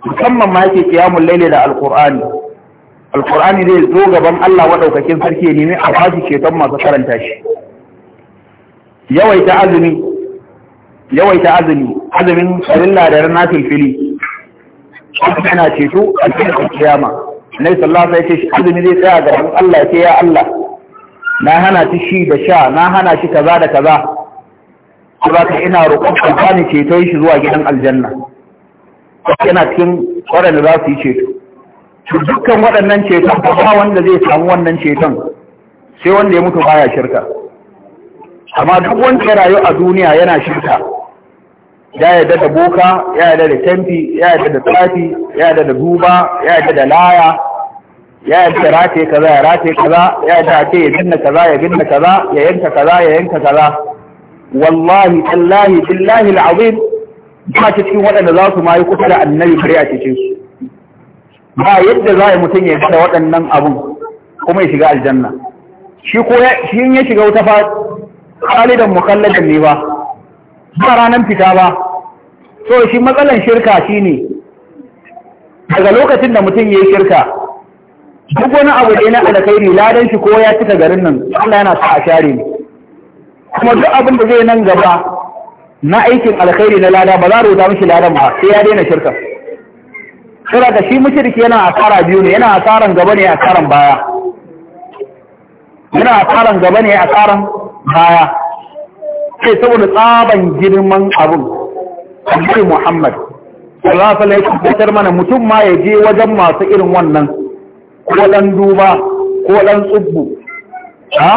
S1: musamman ma yake qiyamul layli da al-Qur'ani alkur'ani zai zo gaban Allah maɗaukakin sarki ne a bashi ceton masu karanta shi yawaita azumi yawaita azumi azumin sarilla da na filfili yana ceto a cikin kiyama na ya ce shi azumi zai tsaya gaban Allah sai ya Allah na hana shi shi da sha na hana shi kaza da kaza ba ka ina roƙon ka bani ceton shi zuwa gidan aljanna yana cikin da za su yi ceto dukkan waɗannan ceton ba wanda zai samu wannan ceton sai wanda ya mutu baya shirka amma duk wanda ya rayu a duniya yana shirka ya yarda da boka ya yarda da tamfi ya yarda da tsafi ya yarda da duba ya yarda da laya ya yarda da kaza ya rataye kaza ya yarda ce ya binne kaza ya binne kaza ya yanka kaza ya yanka kaza wallahi tallahi billahi al'azim ba cikin waɗanda za su mayu kusa da annabi bari a cikin su ba yadda za a mutum ya da waɗannan abun kuma ya shiga aljanna shi ko shi ya shiga wuta fa ƙalidan mukalladan ne ba ba ranar fita ba so shi matsalan shirka shi ne. daga lokacin da mutum ya yi shirka duk wani abu da alkhairi ladan shi ko ya cika garin nan Allah yana sa a share ne kuma duk abin da zai nan gaba na aikin alkhairi na lada ba za a rubuta mishi ladan ba sai ya daina shirka
S3: Sura da shi mushriki yana asara biyu ne, yana asaran gaba ne asaran baya.
S1: Yana asaran gaba ne asaran baya. Sai saboda tsaban girman abun. Abdul Muhammad sallallahu alaihi wasallam mana mutum ma ya je wajen masu irin wannan ko dan duba ko dan tsubbu. Ha?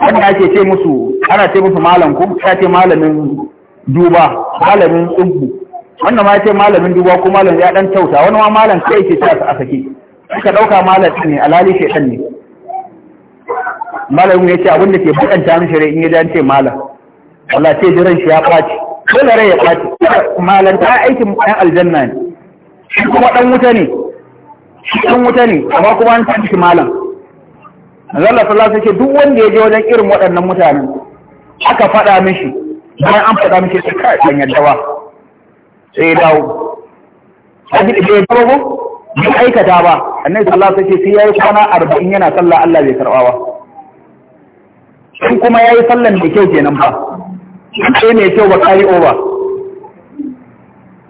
S1: wanda ake ce musu ana ce musu malam ko ta ce malamin duba malamin tsubbu. wannan ma ya ce malamin duba ko malamin ya dan tauta wani ma malam kai ke ta a saki. suka dauka malam ne alali dan ne
S3: malamin ya ce abin da ke
S1: bukanta min shari'a in ya dan ce malam
S3: Allah sai jiran shi ya
S1: faci na rai ya faci malam ta aikin ɗan aljanna ne shi kuma ɗan wuta ne shi ɗan wuta ne amma kuma an san shi malam Allah sallallahu alaihi wasallam duk wanda ya je wajen irin waɗannan mutanen aka faɗa mishi bayan an faɗa mishi sai kai ban yadda sai ya dawo hadin da ya dawo bai aikata ba annabi sallah alaihi ce sai ya yi kwana arba'in yana sallah Allah bai karɓa ba in kuma ya yi sallan da kyau kenan ba sai mai kyau ba o ba.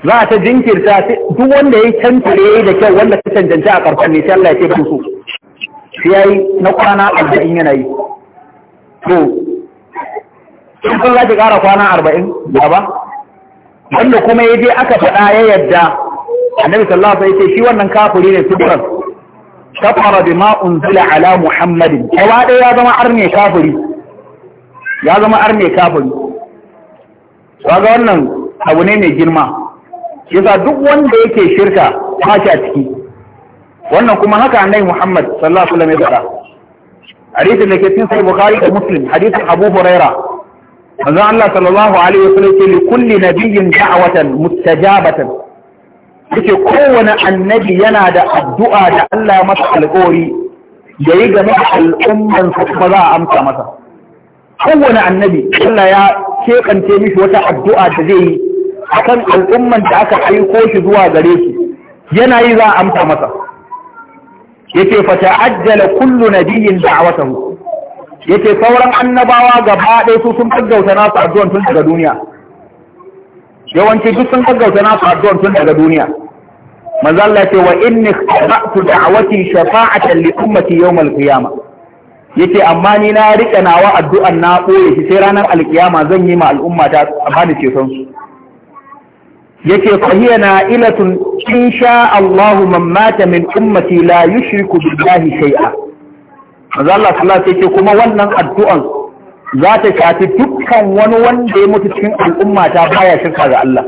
S1: za ta jinkirta duk wanda ya yi cancare da kyau wanda ta cancanci a karfan ne sai Allah ya ce ba su sai yi na kwana arba'in yana yi to sun za ki kara kwana arba'in, ba ba wanda kuma ya je aka faɗa ya yadda annabi sallallahu alaihi wasallam shi wannan kafiri ne tukuran kafara bima unzila ala muhammadin gaba ɗaya ya zama arne kafiri ya zama arne kafiri kaga wannan abu ne mai girma yasa duk wanda yake shirka ba shi a ciki wannan kuma haka annabi muhammad sallallahu alaihi wasallam ya faɗa hadisin da ke cikin sahih bukhari da muslim hadisin abu hurairah manzo Allah sallallahu alaihi wasallam ce li kulli nabiyyin da'watan mustajabatan yace kowane annabi yana da addu'a da Allah masa alƙawari yayi game da al'umman sa kuma za a amsa masa kowane annabi Allah ya kekance mishi wata addu'a da zai yi akan al'umman da aka aiko shi zuwa gare shi yana yi za a amsa masa yace fa ajjala kullu nabiyyin da'watahu yake sauran annabawa gaba ɗaya su sun gaggauta nasu addu'an tun daga duniya yawanci duk sun gaggauta nasu addu'an tun daga duniya mazalla ce wa inni khabatu da'wati shafa'atan li ummati yawm al-qiyama yace amma ni na rike nawa addu'an na koye shi sai ranar alkiyama zan yi ma al'umma ta amana ce san su yace fa hiya na'ilatun insha Allah man mata min ummati la yushriku billahi shay'a manzo Allah sallallahu alaihi wasallam kuma wannan addu'an za ta shafi dukkan wani wanda ya mutu cikin al'umma ta baya shirka ga Allah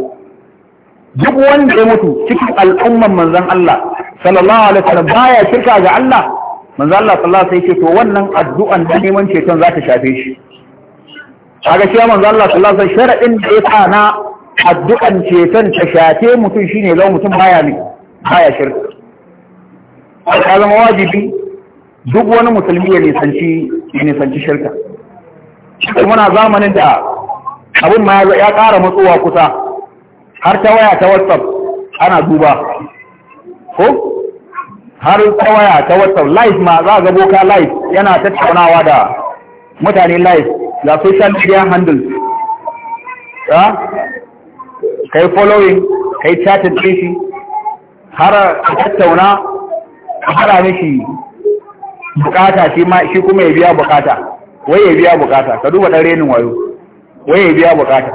S1: duk wanda ya mutu cikin al'umman manzon Allah sallallahu alaihi wasallam baya shirka ga Allah manzo Allah sallallahu alaihi wasallam to wannan addu'an da neman ceton za ta shafe shi kaga shi manzo Allah sallallahu alaihi wasallam sharadin da ya sa na addu'an ceton ta shafe mutum shine zama mutum baya ne baya shirka ka zama wajibi duk wani musulmi ya nisanci ya nisanci shirka muna zamanin da abin ma ya ƙara matsowa kusa har ta waya ta whatsapp ana duba ko har ta waya ta whatsapp live ma za a ga boka live yana tattaunawa da mutane live ga social media handles ya yi following kai yi din shi har tattauna a fara mishi bukata shi ma shi kuma ya biya bukata wai ya biya bukata ka duba dan renin wayo wai ya biya bukata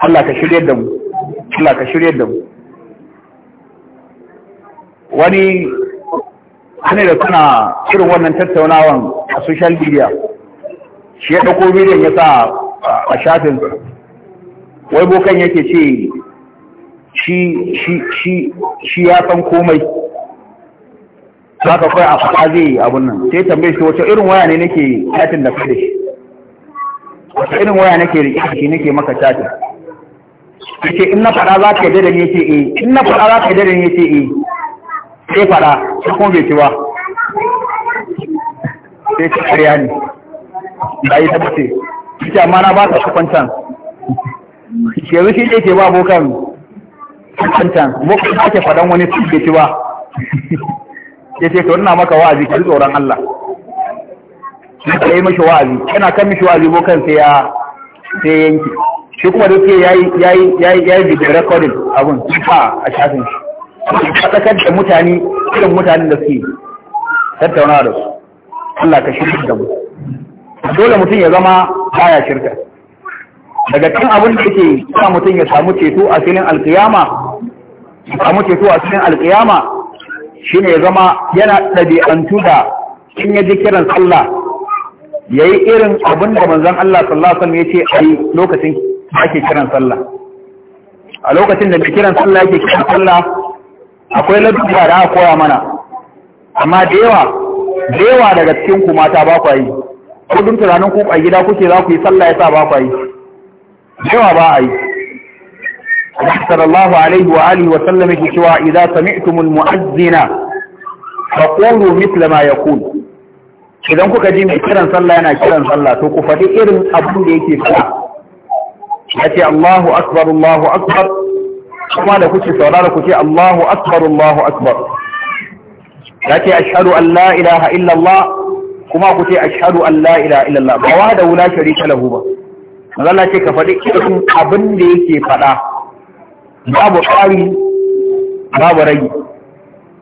S1: Allah ka shirye da mu Allah ka shirye da mu wani ana da suna irin wannan tattaunawan a social media shi ya dauko bidiyon ya sa a shafin wai bokan yake ce shi shi shi shi ya san komai za ka kai a faɗa zai yi abun nan sai tambaye shi wace irin waya ne nake chatin da kai wace irin waya nake rike shi nake maka chatin yace in na faɗa za ka yi da ni yace eh in na faɗa za ka yi da ni yace eh sai faɗa sai kuma bai ci ba sai ta ƙarya ne
S3: da yi tabbace
S1: yace amma na ba ka kwancan yanzu shi ne ke ba bokan kwancan bokan ake faɗan wani bai ci ba ya ce ka nuna maka wa'azi ka tsoron Allah shi ka yi mashi wa'azi yana kan mashi wa'azi ko kan sai ya sai yanki shi kuma da ke yayi yayi yayi yayi da recording abun fa a shafin shi fadakar da mutane irin mutanen da suke tattauna da su Allah ka shirya da mu dole mutum ya zama baya shirka daga kan abin da yake sa mutum ya samu ceto a filin alƙiyama samu ceto a filin alƙiyama? shi ya zama yana ɗabi'antu da in ya ji kiran sallah ya yi irin abin da manzan Allah sallallahu alaihi ya ce a yi lokacin ake kiran sallah a lokacin da mai kiran sallah yake kiran sallah akwai ladduka da aka koya mana amma da yawa da yawa daga cikin ku mata ba ku yi ko dun tunanin ku a gida kuke za ku yi sallah yasa ba ku yi da yawa ba a yi صلى الله عليه وآله وسلم كشوا إذا سمعتم المؤذن فقولوا مثل ما يقول idan kuka ji mai kiran sallah yana kiran sallah to ku faɗi irin abin da yake faɗa ya ce Allahu akbar Allahu akbar kuma da kuke saurara ku ce Allahu akbar Allahu akbar ya ce ashhadu an la ilaha illa kuma ku ce ashhadu an la ilaha Allah ba wahdahu la sharika ba manzo ce ka faɗi irin abin da yake faɗa babu ƙari babu ragi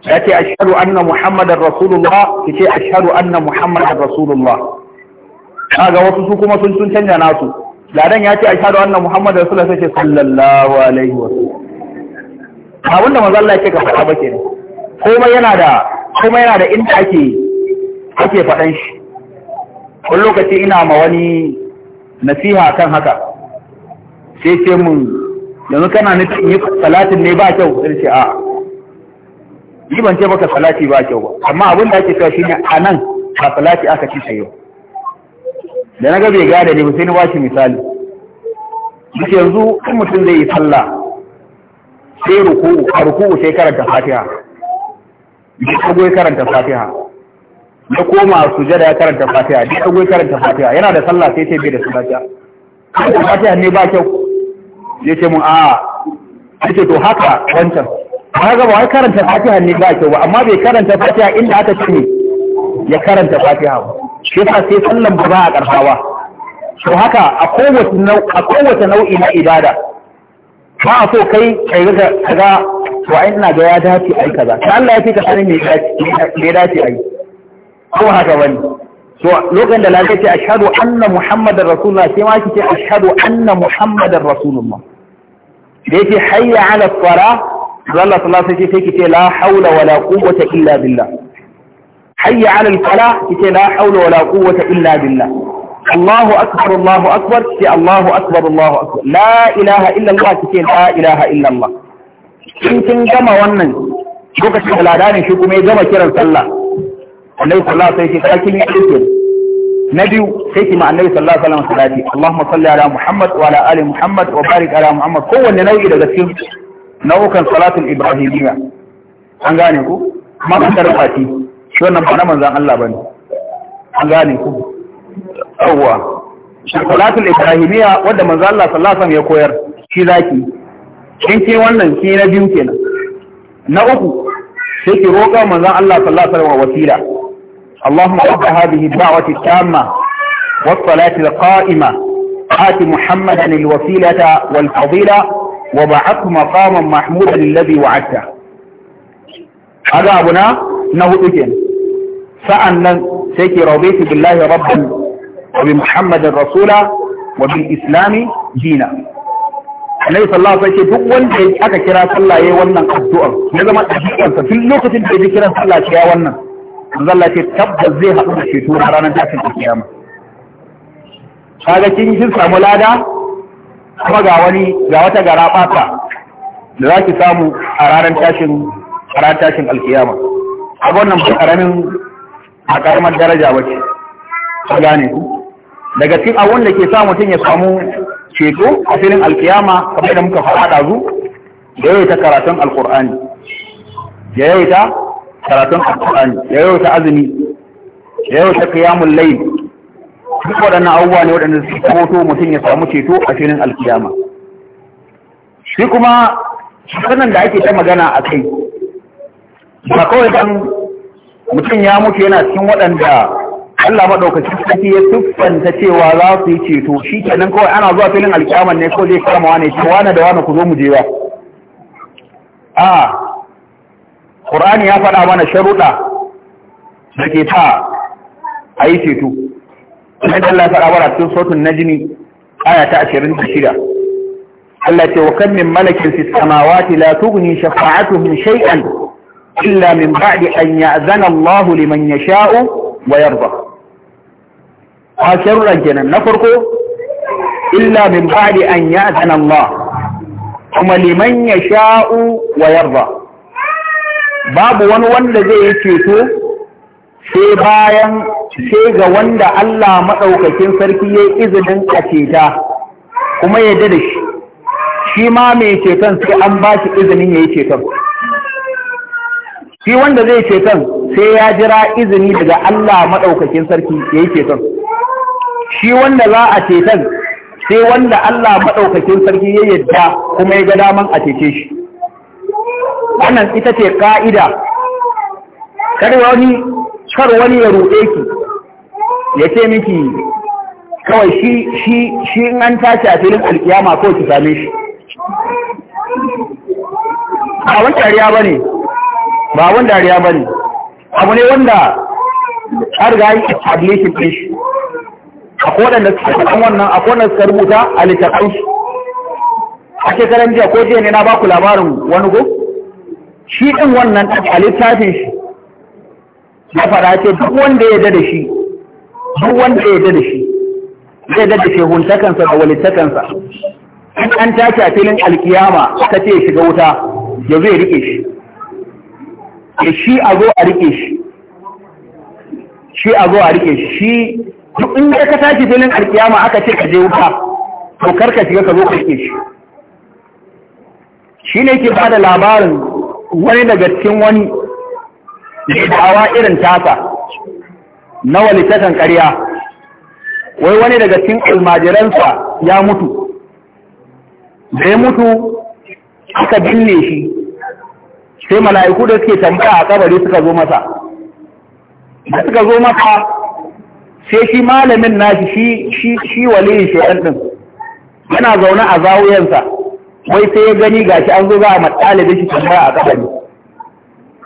S1: ya ce an na muhammadar rasulullah ki ce an na muhammadar rasulullah ga wasu su kuma sun sun canja nasu ladan ya ce an na muhammadar rasulullah sai ce sallallahu alaihi wa sallam abin da manzo ya ce ka faɗa ba kenan komai yana da komai yana da inda ake ake faɗan shi wani lokaci ina ma wani nasiha kan haka sai ce mun yanzu kana nufin yi salatin ne ba kyau sai ce a yi ban ce baka salati ba kyau ba amma abin da ake shi shine a nan ba salati aka ci sayo da na ga bai gada ne ba sai na ba shi misali duk yanzu in mutum zai yi sallah
S3: sai ruku, a ruku
S1: sai karanta fatiha
S3: duk kago ya karanta
S1: fatiha ya koma sujada ya karanta fatiha duk kago ya karanta fatiha yana da sallah sai sai bai da sallah karanta fatiha ne ba kyau ya ce mun a ake to haka wancan ba gaba ba karanta fatiha ne ba kyau ba amma bai karanta fatiha inda aka ce ne ya karanta fatiha ba shi yasa sai sallan ba za a karfawa to haka a kowace nau'i na ibada ba a so kai kai ga kaga to ai ina ga ya dace ai kaza sai Allah ya fi ka sanin me ya dace me dace ai ko haka wani so lokacin da lafiya ce ashhadu anna muhammadar rasulullah sai ma kike ashhadu anna muhammadar rasulullah da yake hayya ala fara Allah sallallahu alaihi sai kike la haula wala quwwata illa billah hayya ala fara kike la haula wala quwwata illa billah Allahu akbar Allahu akbar kike Allahu akbar Allahu akbar la ilaha illa Allah kike la ilaha illa Allah kin kin gama wannan lokacin da ladanin shi kuma ya gama kiran sallah Allah sallallahu alaihi sai kike kin yi na biyu sai ki ma'anai sallallahu alaihi wasallam salati Allahumma salli ala Muhammad wa ala ali Muhammad wa barik ala Muhammad kowanne nau'i daga cikin nau'ukan salatul ibrahimiyya an gane ku amma ban ta rafati shi wannan ba na manzon Allah bane an gane ku shi salatul ibrahimiyya wanda manzon Allah sallallahu alaihi wasallam ya koyar shi zaki kin ce wannan ki na biyu kenan na uku sai ki roƙa manzon Allah sallallahu alaihi wasallam wasila اللهم رب هذه الدعوة التامة والصلاة القائمة آت محمدا الوسيلة والفضيلة وبعثه مقاما محمودا الذي وعدته هذا أبنا إنه إذن فأنا سيكي رضيت بالله ربا وبمحمد رسولا وبالإسلام دينا الله عليه وسلم wasallam duk wanda aka kira sallah yayin wannan addu'ar ya zama dabi'arsa duk lokacin da ya kira sallah ya wannan Allah ce tabbas zai haɗu da ceto na ranar tashin alkiyama kaga kin kin samu lada kuma ga wani ga wata gara fata da za ki samu a ranar tashin a ranar tashin alkiyama a wannan ba karamin a karamar daraja ba ce gane ku daga cikin abun da ke sa mutum ya samu ceto a filin alkiyama kamar da muka faɗa ɗazu da yawaita karatun alkur'ani da yawaita karatun alƙur'ani ya yau ta azumi ya yau ta Kiyamun lai duk waɗannan abubuwa ne waɗanda su koto mutum ya samu ceto a filin alkiyama shi kuma sanan da ake ta magana a kai ba kawai dan mutum ya mutu yana cikin waɗanda Allah maɗaukaci sarki ya siffanta cewa za su yi ceto shi kenan kawai ana zuwa filin alkiyama ne ko zai kama wane ce wane da wane ku zo mu je ba a Qur'ani ya faɗa mana sharuɗa da ke ta a yi ceto. ɗan Allah ya faɗa mana cikin sautin najmi aya ta shida. Allah ce wa kan min malakin fi samawati la tughni shafa'atuhum shay'an illa min ba'di an ya'zana Allah liman yasha'u wa yarda. A sharuɗa kenan na farko illa min ba'di an ya'zana Allah kuma liman yasha'u wa yarda. babu wani wanda zai yi ceto sai bayan sai ga wanda Allah maɗaukakin sarki ya yi izinin a ceta kuma ya da shi shi ma mai ceton sai an ba shi izinin ya yi ceton shi wanda zai ceton sai ya jira izini daga Allah maɗaukakin sarki ya yi ceton shi wanda za a ceton sai wanda Allah maɗaukakin sarki ya yadda kuma ya ga daman a cece shi wannan ita ce ka'ida kar wani kar wani ya ruɗe ki ya ce miki kawai shi shi shi in an tashi a filin alkiyama ko ki same
S3: shi ba wani dariya ba
S1: ne ba wani dariya ba ne abu ne wanda har ga yi establishing ɗin shi a kodan da suka wannan a kodan suka rubuta a shi a shekaran jiya ko jiya ne na baku labarin wani go shi ɗin wannan a littafin shi ya fara ce duk wanda ya yarda da shi duk wanda ya yarda da shi zai da da shehuntakansa da walittakansa in an tashi a filin alkiyama aka ce shiga wuta ya zai rike shi ya shi a zo a rike shi shi a zo a rike shi shi duk inda ka tashi filin alkiyama aka ce ka je wuta to karka shiga ka zo ka rike shi shi ne ke bada labarin wani daga cikin wani da awa irin tasa na walittakan ƙarya wai wani daga cikin almajiransa ya mutu da ya mutu aka binne shi sai mala'iku da suke tambaya a kabari suka zo masa da suka zo masa sai shi malamin nashi shi shi waliyin shaidan ɗin. yana zaune a zawuyansa wai sai ya gani gashi an zo ga a matsalibin shi tambaya a kabari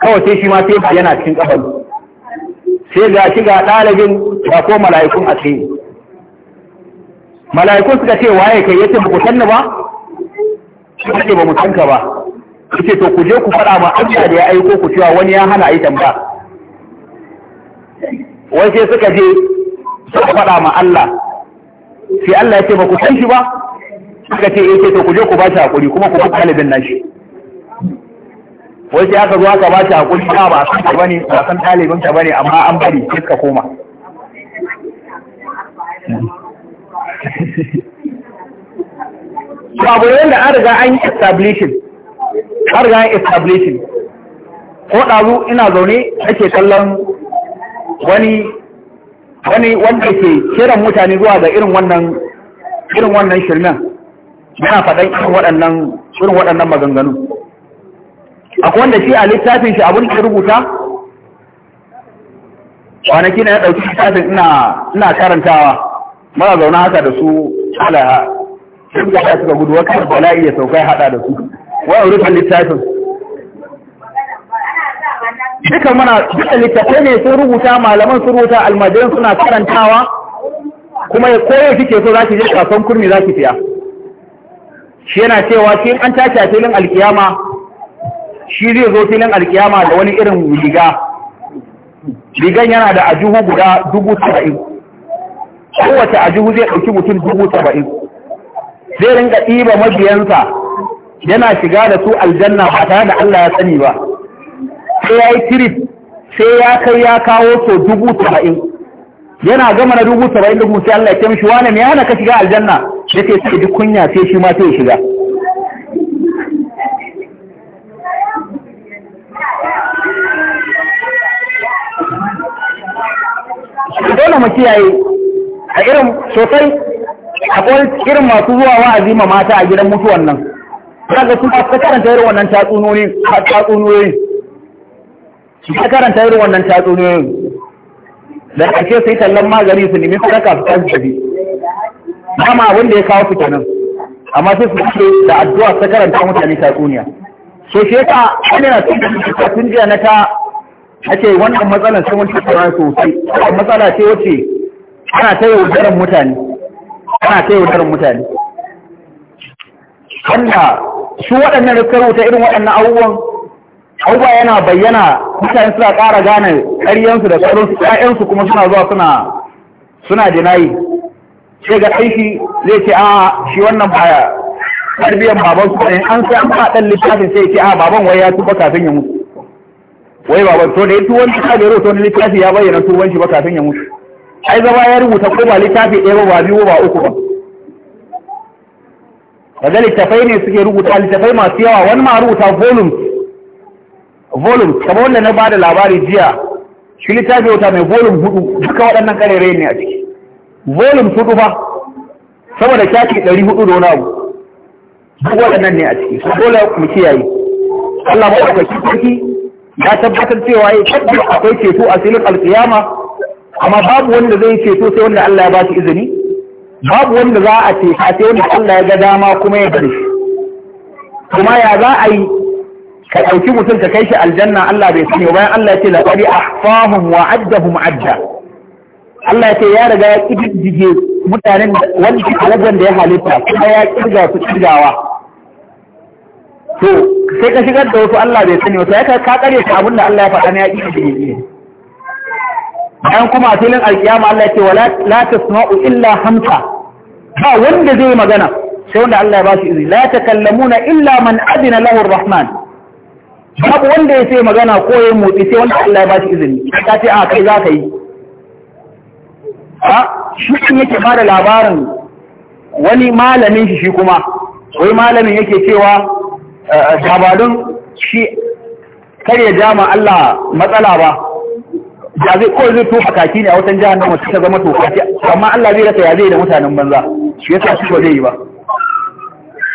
S1: kawai sai shi ma sai yana cikin kabari sai gashi ga ɗalibin ba ko mala'ikun a tsaye mala'ikun suka ce waye kai yace ba ku sanna ba Ku ce ba mu sanka ba yace to ku je ku faɗa ma Allah da ya aiko ku cewa wani ya hana yi tamba wai sai suka je suka faɗa ma Allah sai Allah ya ce ba ku san shi ba aka ce eh, ce to ku je ku bashi hakuri kuma ku kuka ɗalibin nashi shi sai aka zo aka bashi hakuri ba ba san ka bane ba san ɗalibin ka bane amma an bari sai ka koma
S3: to abu ne wanda an riga an yi establishing an riga an
S1: ko ɗazu ina zaune ake kallon wani wani wanda ke kiran mutane zuwa ga irin wannan irin wannan shirmen yana faɗan irin waɗannan irin waɗannan maganganu akwai wanda shi a littafin shi abin da rubuta kwanaki na ya ɗauki littafin ina ina karantawa mara zauna haka da su ala sun ga ya suka gudu wakar bala'i ya sauka ya haɗa da su wani rufin littafin
S3: duka mana duka littafai ne
S1: sun rubuta malaman sun rubuta almajiran suna karantawa kuma ko yau kike so za ki je kasuwan kurmi za ki fiya. shi yana cewa shi an tashi a filin alkiyama shi zai zo filin alkiyama da wani irin riga rigan yana da ajuhu guda dubu saba'in kowace ajuhu zai ɗauki mutum dubu saba'in zai ringa ɗiba mabiyansa yana shiga da su aljanna ba tare da Allah ya sani ba sai ya yi tirif sai ya kai ya kawo so dubu saba'in yana gama na dubu saba'in dubu sai Allah ya ce mishi wane ne hana ka shiga aljanna yake sai duk kunya sai shi ma sai ya
S3: shiga dole mu kiyaye a irin sosai akwai irin masu zuwa wa'azi
S1: ma mata a gidan mutuwan nan kaga su ta karanta irin wannan tatsunoyin tatsunoyin ta karanta irin wannan tatsunoyin da ake sai tallan magani su nemi sadaka su kan jabi dama wanda ya kawo fitanin amma sai su ce da addu'a ta karanta mutane tatsuniya so shi yasa wani na cikin cikin jiya na ta ake wannan matsalar sai wani tattauna sosai matsala ce wacce ana ta yaudarar mutane ana ta yaudarar mutane wanda shi waɗannan da ta irin waɗannan abubuwan abubuwa yana bayyana mutane suna ƙara gane ƙaryansu da tsaronsu kuma suna zuwa suna suna jinayi sai ga aiki zai ce a shi wannan baya tarbiyyar baban su ne an sai an ba littafin sai ce a baban wai ya tuba kafin ya mutu wai baban to da ya tuwon ta da roto wani littafi ya bayyana tuban shi ba kafin ya mutu ai zama ya rubuta ko ba littafi ɗaya ba ba biyu ba uku ba kaga littafai ne suke rubuta littafai masu yawa wani ma rubuta volumes volumes kamar wanda na bada labari jiya shi littafi wata mai volume hudu duka waɗannan ƙarerai ne a ciki volume hudu fa sama da shafi ɗari hudu da wani abu duk waɗannan ne a ciki su dole mu kiyaye Allah maɗaukaki sarki ya tabbatar cewa ya tabbi akwai ceto a silin alƙiyama amma babu wanda zai ceto sai wanda Allah ya ba shi izini babu wanda za a ceta sai wanda Allah ya ga dama kuma ya gani kuma ya za a yi ka ɗauki mutum ka kai shi aljanna Allah bai sani bayan Allah ya ce laqad ahfahum wa addahum adda Allah ya ce ya riga ya kididdige mutanen wanda alajan da ya halitta kuma ya kirga su kirgawa to sai ka shigar da wasu Allah bai sani wasu ya ka kare ta abin da Allah ya faɗa na ya ne. bayan kuma a filin alƙiyama Allah ya ce wala la tasma'u illa hamsa ba wanda zai magana sai wanda Allah ya ba shi izini la na illa man adina lahu rahman babu wanda ya sai magana ko ya motsi sai wanda Allah ya ba shi izini ka ce a kai za ka yi a shi an yake ba da labarin wani malamin shi shi kuma wai malamin yake cewa eh, eh, dabarun shi kar ya ja ma Allah matsala ba ya zai zai tofa kaki ne a watan jihar nan wacce ta zama tofa amma Allah zai rasa ya zai da mutanen banza shi sa shi ba zai yi ba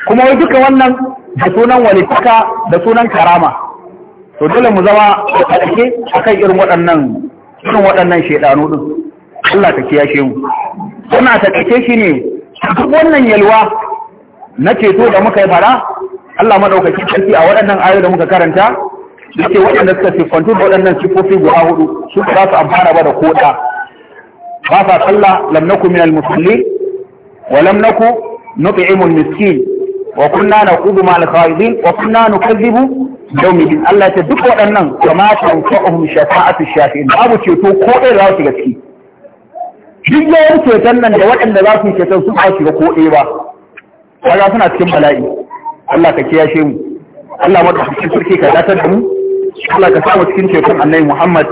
S1: kuma wai duka wannan da sunan walitaka da sunan karama to dole mu zama a ɗake akan irin waɗannan irin waɗannan shaiɗanu ɗin. Allah ka kiyashe mu
S3: suna ta kake
S1: shi ne duk wannan yalwa na ceto da muka yi fara Allah madaukakin sarki a waɗannan ayoyi da muka karanta yake waɗanda suka siffantu da waɗannan sifofi guda hudu su ba su amfana ba da koda ba sa sallah lam naku min al wa lam naku nut'imu al miskin wa kunna naqudu ma al khaidin wa kunna nukazzibu yawmiddin Allah ta duk waɗannan kama ta fa'uhum shafa'atu shafi'in babu ceto ko ɗaya za su gaske. duk yawan ceton nan da waɗanda za su yi ceton sun ba shiga ko ba kaga suna cikin bala'i Allah ka kiyashe mu Allah madaukakin sarki ka datar da mu
S3: Allah ka samu cikin ceton annabi Muhammad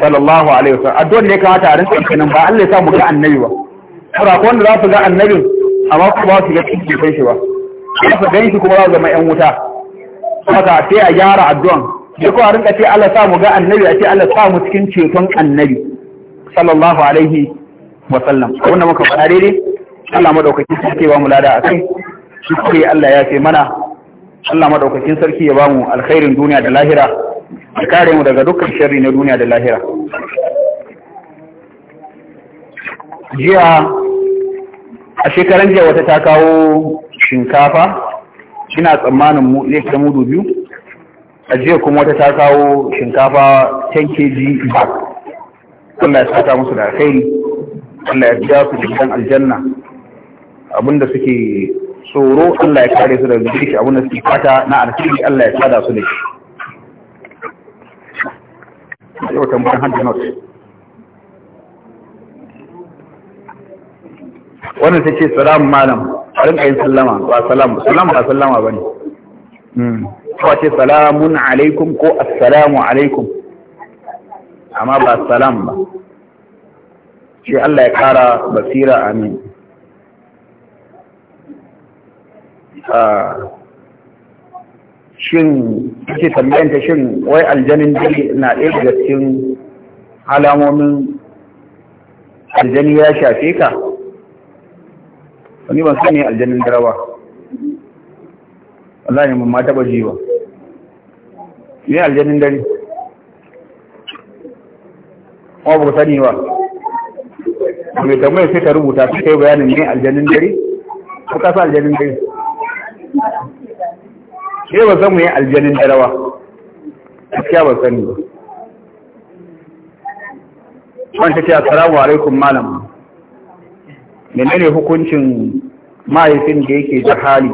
S1: sallallahu alaihi wasallam addu'ar ne kamata a rinsa kenan ba Allah ya sa mu ga annabi ba kura ko wanda za su ga annabin amma ku ba su ga cikin ceton shi ba za su gani shi kuma za su zama ƴan wuta haka sai a gyara addu'an sai ko a rinka ce Allah sa mu ga annabi a ce Allah sa mu cikin ceton annabi sallallahu alaihi Wasallam. sallam abinda muka faɗa daidai Allah madaukakin sarki ba mu lada akai shi kai Allah ya ce mana Allah madaukakin sarki ya ba mu alkhairin duniya da lahira ya kare mu daga dukkan sharri na duniya da lahira jiya a shekaran jiya wata ta kawo shinkafa ina tsammanin mu ne ta mudu biyu a jiya kuma wata ta kawo shinkafa 10 kg bag Allah ya saka musu da alkhairi Allah ya ja su cikin aljanna abinda suke tsoro Allah ya kare su daga shi abinda suke fata na alkhairi Allah ya kada su da yau tambayan hajji not wannan ta ce salamu malam a ayin sallama ba salamu salamu ba sallama ba ne hmm. kuma ce salamun alaikum ko assalamu alaikum amma ba salamu ba shi Allah ya kara basira amin ah, shin ake tambayanta shin wai aljanin jini na ɗaya da cikin alamomin aljani ya shafe ka wani ban sani aljanin darawa Allah ne mamma taɓa jiwa ne aljanin dare kuma ba sani ba
S3: mai tambaya sai ta rubuta sai kai bayanin ne aljannin dare ko ka sa aljannin dare sai ba zan mu yi
S1: aljannin dare ba gaskiya ba sani ba
S3: Wani ta ce assalamu alaikum
S1: malam menene hukuncin mahaifin da yake da hali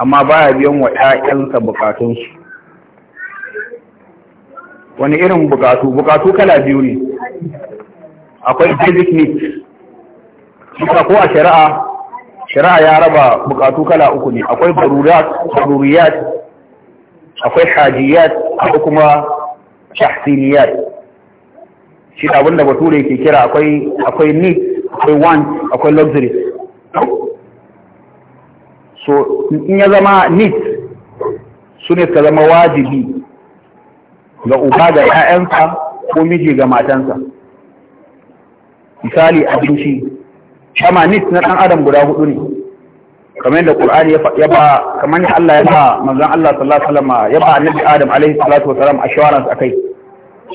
S1: amma baya biyan wa ƴaƴansa shi wani irin bukatu bukatu kala biyu ne akwai basic needs ko a shari'a shari'a ya raba bukatu kala uku ne akwai baruriyat akwai hajiyat akwai kuma shahsiniyat shi da bature ke kira akwai akwai need akwai want akwai luxury so in ya zama need su ne ka zama wajibi ga uba ga 'ya'yansa ko miji ga matansa misali abinci shamanit na ɗan adam guda hudu ne kamar da Qur'ani ya ba kamar da Allah ya ba manzon Allah sallallahu alaihi wasallam ya ba annabi Adam alaihi salatu wasalam assurance akai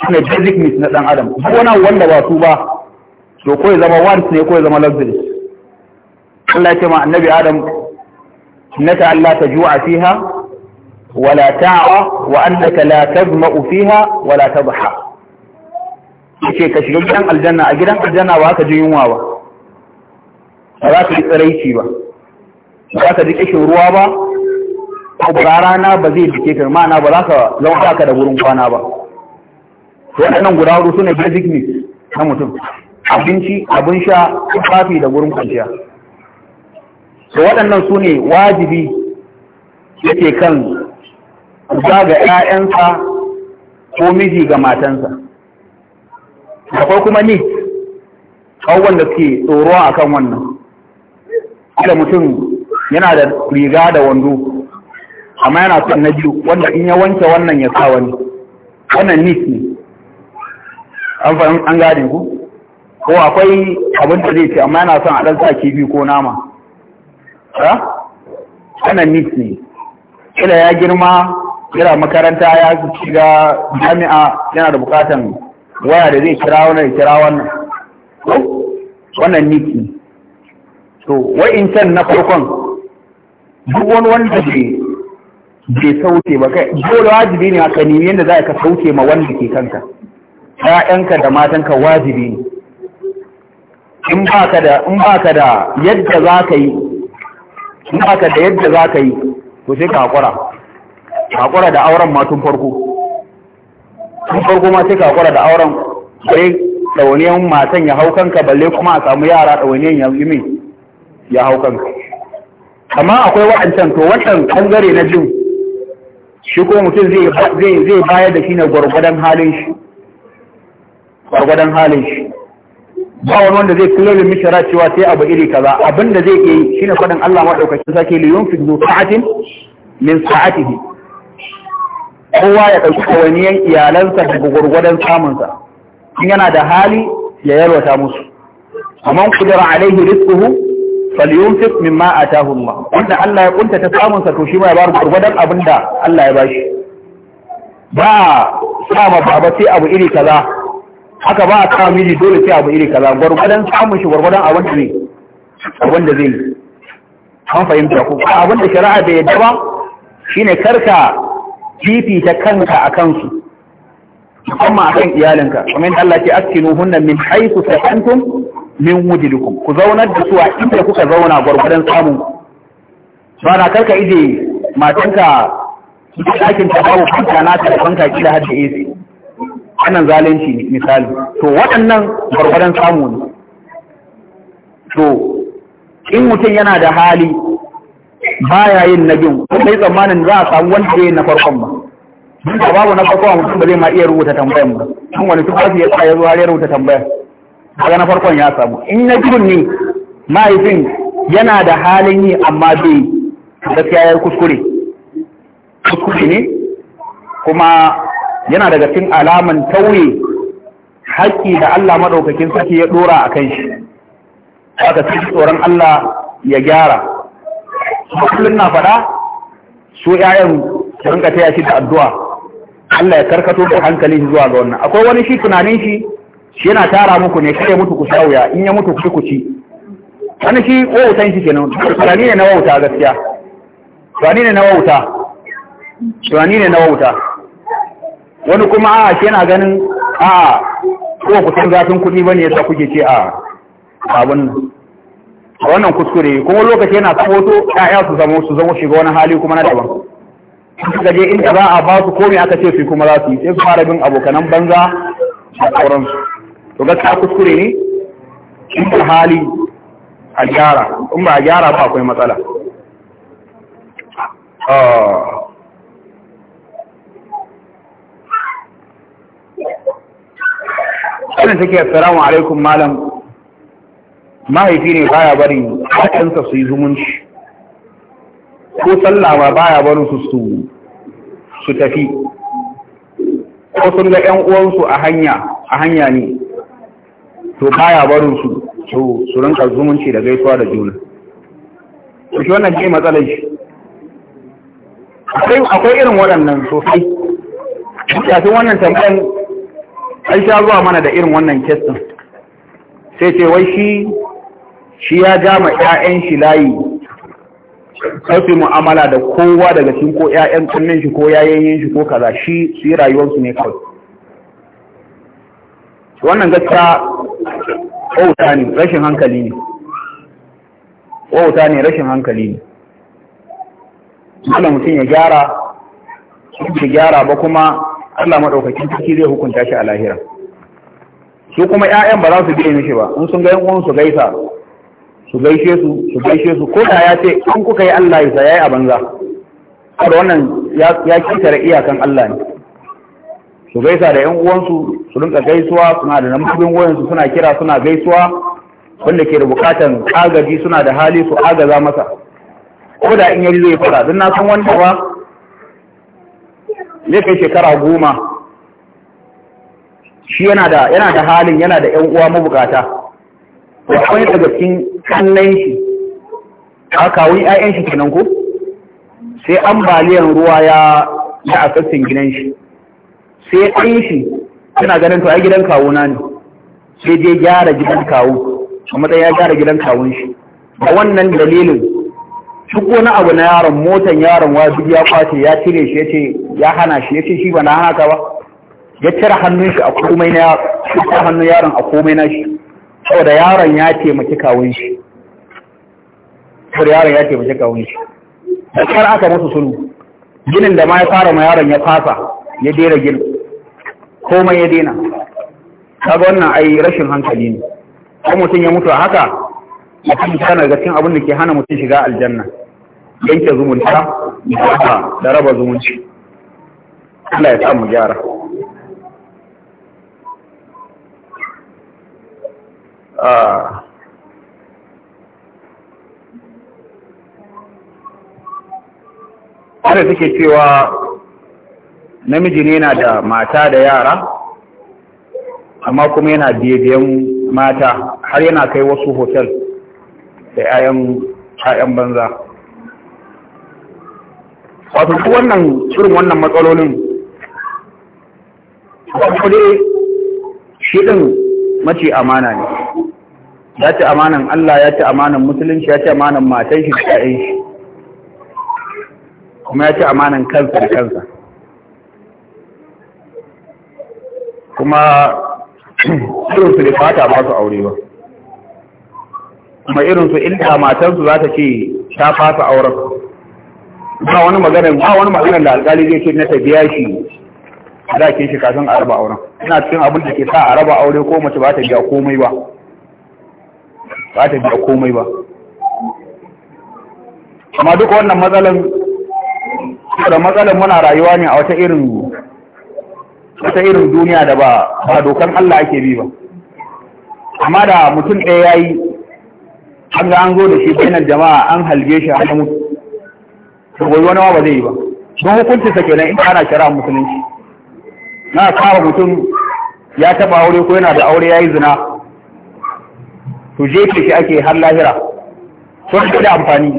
S1: shine basic needs na dan adam ko na wanda ba su ba to ko ya zama wants ne ko ya zama luxury Allah ya ce ma annabi Adam innaka alla tajua fiha wala ta'a wa annaka la tazma'u fiha wala tadha ce ka shiga gidan aljanna a gidan aljanna ba ka ji yunwa ba ba za ka ji tsiraici ba ba za ka ji kishin ruwa ba ko ba rana ba zai dike ka ma'ana ba za ka zama ka da wurin kwana ba to waɗannan guda hudu sune basic needs na mutum abinci abin sha tufafi da wurin kwanciya to waɗannan su ne wajibi yake kan za ga 'ya'yansa ko miji ga matansa akwai kuma ni abubuwan da suke tsoro a kan wannan da mutum yana da riga da wando amma yana son na biyu wanda in ya wanke wannan ya sa wani wannan nis ne an fahim an gadin ku ko akwai abin da zai ce amma yana son a ɗan sa kifi ko nama ha wannan nis ne kila ya girma yana makaranta ya shiga jami'a yana da bukatan waya da zai kira wannan kira wannan wannan niki to can na farkon duk wani wanda bai sauke ba kai dole wajibi ne aka nemi yadda za ka sauke ma wanda ke kanka ƴaƴanka da matanka wajibi ne in baka da in baka da yadda za ka yi in baka da yadda za ka yi to sai ka hakura hakura da auren matun farko tun farko ma sai ka kwara da auren sai ɗauniyan matan ya hau kanka balle kuma a samu yara ɗauniyan ya yi ya hau kanka amma akwai wa'ancan to wancan ɓangare na jin shi ko mutum zai bayar da shi ne gwargwadon halin shi gwargwadon halin shi ba wani wanda zai kula min mishara cewa sai abu iri kaza abinda zai iya yi shine faɗin Allah maɗaukacin sake liyun fi zuwa sa'atin min sa'atihi kowa ya ɗauki kawaniyar iyalansa daga gwargwadon samunsa in yana da hali ya yalwata musu amman kudura alaihi rizquhu falyunfiq mimma atahu Allah wanda Allah ya kunta ta samunsa to shi ma ya bar gwargwadon abinda Allah ya bashi ba sa ma baba sai abu iri kaza haka ba a kawo miji dole sai abu iri kaza gwargwadon samun shi gwargwadon abin da zai abin da zai an fahimta ko abin da shari'a bai yadda ba shine karka fifita kanka a kansu musamman akan iyalinka kamar yadda Allah ke askinu hunna min haythu sakantum min wujudikum ku zaunar da su a inda kuka zauna gwargwadon samun ba na karka ije matanka su ɗakin ta babu fanka na ta fanka kila har da AC wannan zalunci misali to waɗannan gwargwadon samu ne to in mutum yana da hali baya yin na biyu ko kai tsammanin za a samu wanda ya na farkon ba duk da babu na farkon a mutum ba zai ma iya rubuta tambayan ba in wani tufafi ya tsaya zuwa ya rubuta tambayar daga na farkon ya samu in na biyun ne mahaifin yana da halin yi amma bai gaskiya ya kuskure kuskure ne kuma yana daga cikin alaman tauye haƙƙi da Allah maɗaukakin sarki ya ɗora a kan shi aka cikin tsoron Allah ya gyara kullum na faɗa su ƴaƴan su rinka taya shi da addu'a Allah ya karkato da hankali zuwa ga wannan akwai wani shi tunanin shi shi yana tara muku ne kai mutu ku shawuya in ya mutu ku ku ci wani shi wautan shi kenan tunani ne na wauta gaskiya tunani ne na wauta tunani ne na wauta wani kuma a shi yana ganin a ko ku san zafin kuɗi bane yasa kuke ce a abun a wannan kuskure kuma lokaci yana tsawoto ƴaƴa su zama su zama shiga wani hali kuma na daban suka je inda za a ba su komai aka ce su kuma za su yi sai su fara bin abokanan banza da sauransu to gaskiya kuskure ne in ba hali a gyara in ba a gyara ba akwai matsala
S3: Sannan ah. take, Assalamu alaikum
S1: malam, mahaifi ne baya bari ƴaƴansa su yi zumunci ko sallama baya bari su su su tafi ko sun ga ƴan uwansu a hanya a hanya ne to baya bari su su su rinka zumunci da gaisuwa da juna to shi wannan ce matsalar shi akwai akwai irin waɗannan sosai kafin wannan tambayan an sha zuwa mana da irin wannan kestin sai ce wai shi shi ya ja ma ƴaƴan shi layi kar mu'amala da kowa daga cikin ko ƴaƴan kunnin shi ko yayayen shi ko kaza shi su yi rayuwar su ne kawai wannan gaskiya wauta ne rashin hankali ne wauta ne rashin hankali ne Allah mutum ya gyara su gyara ba kuma Allah maɗaukakin ciki zai hukunta shi a lahira su kuma 'ya'yan ba za su biye mishi ba in sun ga yan su gaisa su gaishe su su gaishe su ko da ya ce in kuka yi Allah ya yayi a banza saboda wannan ya kitare iyakan Allah ne su gaisa da yan uwansu su rinka gaisuwa suna da namubin wayansu suna kira suna gaisuwa wanda ke da bukatan agaji suna da hali su agaza masa ko da in yari zai fara dan na san wanda ba ne kai shekara goma shi yana da halin yana da yan uwa mabukata wani daga cikin kannan shi a kawun 'ya'yan shi kenan ko sai ambaliyan ruwa ya ya sassan gidan shi sai ɗan shi suna ganin to ai gidan kawuna ne sai je gyara gidan kawo a sai ya gyara gidan kawun shi da wannan dalilin duk wani abu na yaron motan yaron wa duk ya kwace ya cire shi yace ya hana shi yace shi ba na hana ka ba ya cire hannun shi a komai na yaron a komai na shi saboda yaron ya taimaki kawun shi saboda yaron ya taimaki kawun shi da kar aka musu sulhu ginin da ma ya fara ma yaron ya fasa ya dera gina komai ya dena kaga wannan ai rashin hankali ne ko mutum ya mutu a haka mutum tana daga cikin abin da ke hana mutum shiga aljanna yanke zumunta da raba zumunci Allah ya samu gyara da ah. suke cewa namiji ne yana da mata da yara amma kuma yana biyayen mata har yana kai wasu hotel da 'ya'yan banza wato ku wannan irin wannan matsalolin ba dai shi mace amana ne ya ci amanan Allah ya ci amanan musulunci ya ci amanan matan shi da shi kuma ya ci amanan kansa da kansa kuma irinsu da fata ba su aure ba kuma irinsu inda matansu za ta ce ta fasa auren ba wani magana ba wani maganar da alkali zai ce na tabiya shi za ke shi kafin a raba auren ina cikin abin da ke sa a raba aure ko mace ba ta biya komai ba ba ta biya komai ba amma duka wannan matsalan da matsalan muna rayuwa ne a wata irin wata irin duniya da ba ba dokan Allah ake bi ba amma da mutum ɗaya ya yi an ga an zo da shi bainar jama'a an halbe shi an mutu to wai wani ba zai yi ba don hukunci sa kenan in ana shara musulunci na kawo mutum ya taba aure ko yana da aure ya yi zina je ke shi ake har lahira sun da amfani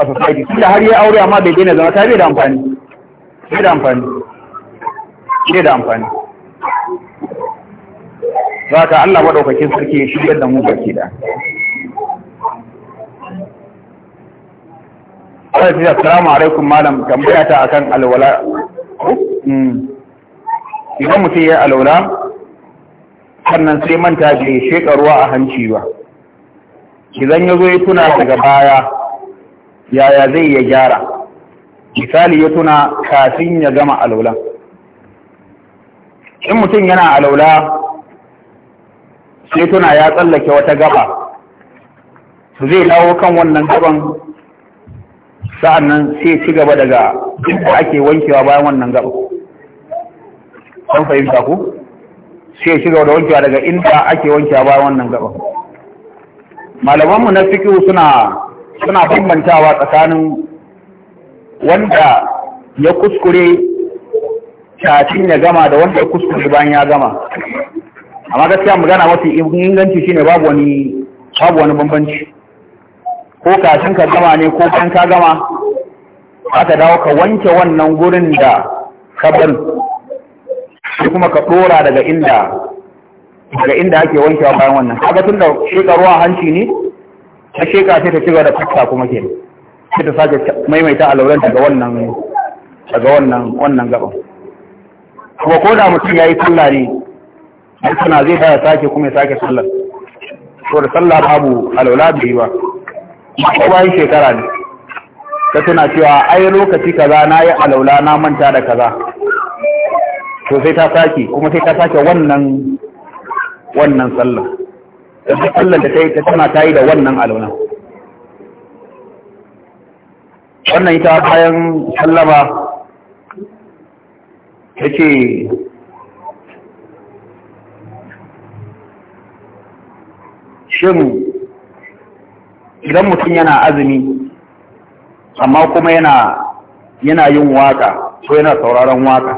S1: a society da har ya aure amma bai gina zama ta bai da amfani bai da amfani bai da amfani
S3: za ka Allah maɗaukakin sarki ya shigar da mu
S1: baki da Kawai fiye, Assalamu alaikum malam, tambaya ta akan alwala. Hmm. Idan mutum ya alwala, sannan sai manta bai sheƙa shekaruwa a hanci ba. Ki ya zo ya tuna daga baya yaya zai ya gyara misali ya tuna kafin ya gama alaula in mutum yana alaula sai tuna ya tsallake wata gaba su zai dawo kan wannan gaban sa'annan sai ci gaba daga inda ake wankewa bayan wannan gaba an fahimta ku sai ci gaba da wankewa daga inda ake wankewa bayan wannan gaba malamanmu na fikihu suna suna bambantawa tsakanin wanda ya kuskure kafin ya gama da wanda ya kuskure bayan ya gama amma gaskiya magana mafi inganci shine babu wani babu wani bambanci ko kafin ka gama ne ko bayan ka gama aka dawo ka wanke wannan gurin da ka bari kuma ka dora daga inda daga inda ake wankewa bayan wannan kaga tun da sheka ruwa hanci ne ta sheka sai ta gaba da fata kuma ke sai ta sake maimaita alauran daga wannan daga wannan wannan gaban kuma ko da mutum ya yi sallah ne ai zai fara sake kuma ya sake sallar ko da sallah babu alaula bai ba
S3: ko bayan shekara ne
S1: ta tuna cewa ai lokaci kaza na yi alaula na manta da kaza to sai ta sake kuma sai ta sake wannan wannan sallah da duk sallar da ta tana ta yi da wannan alwala wannan ita bayan sallama ta ce shin idan mutum yana azumi amma kuma yana yana yin waka ko yana sauraron waka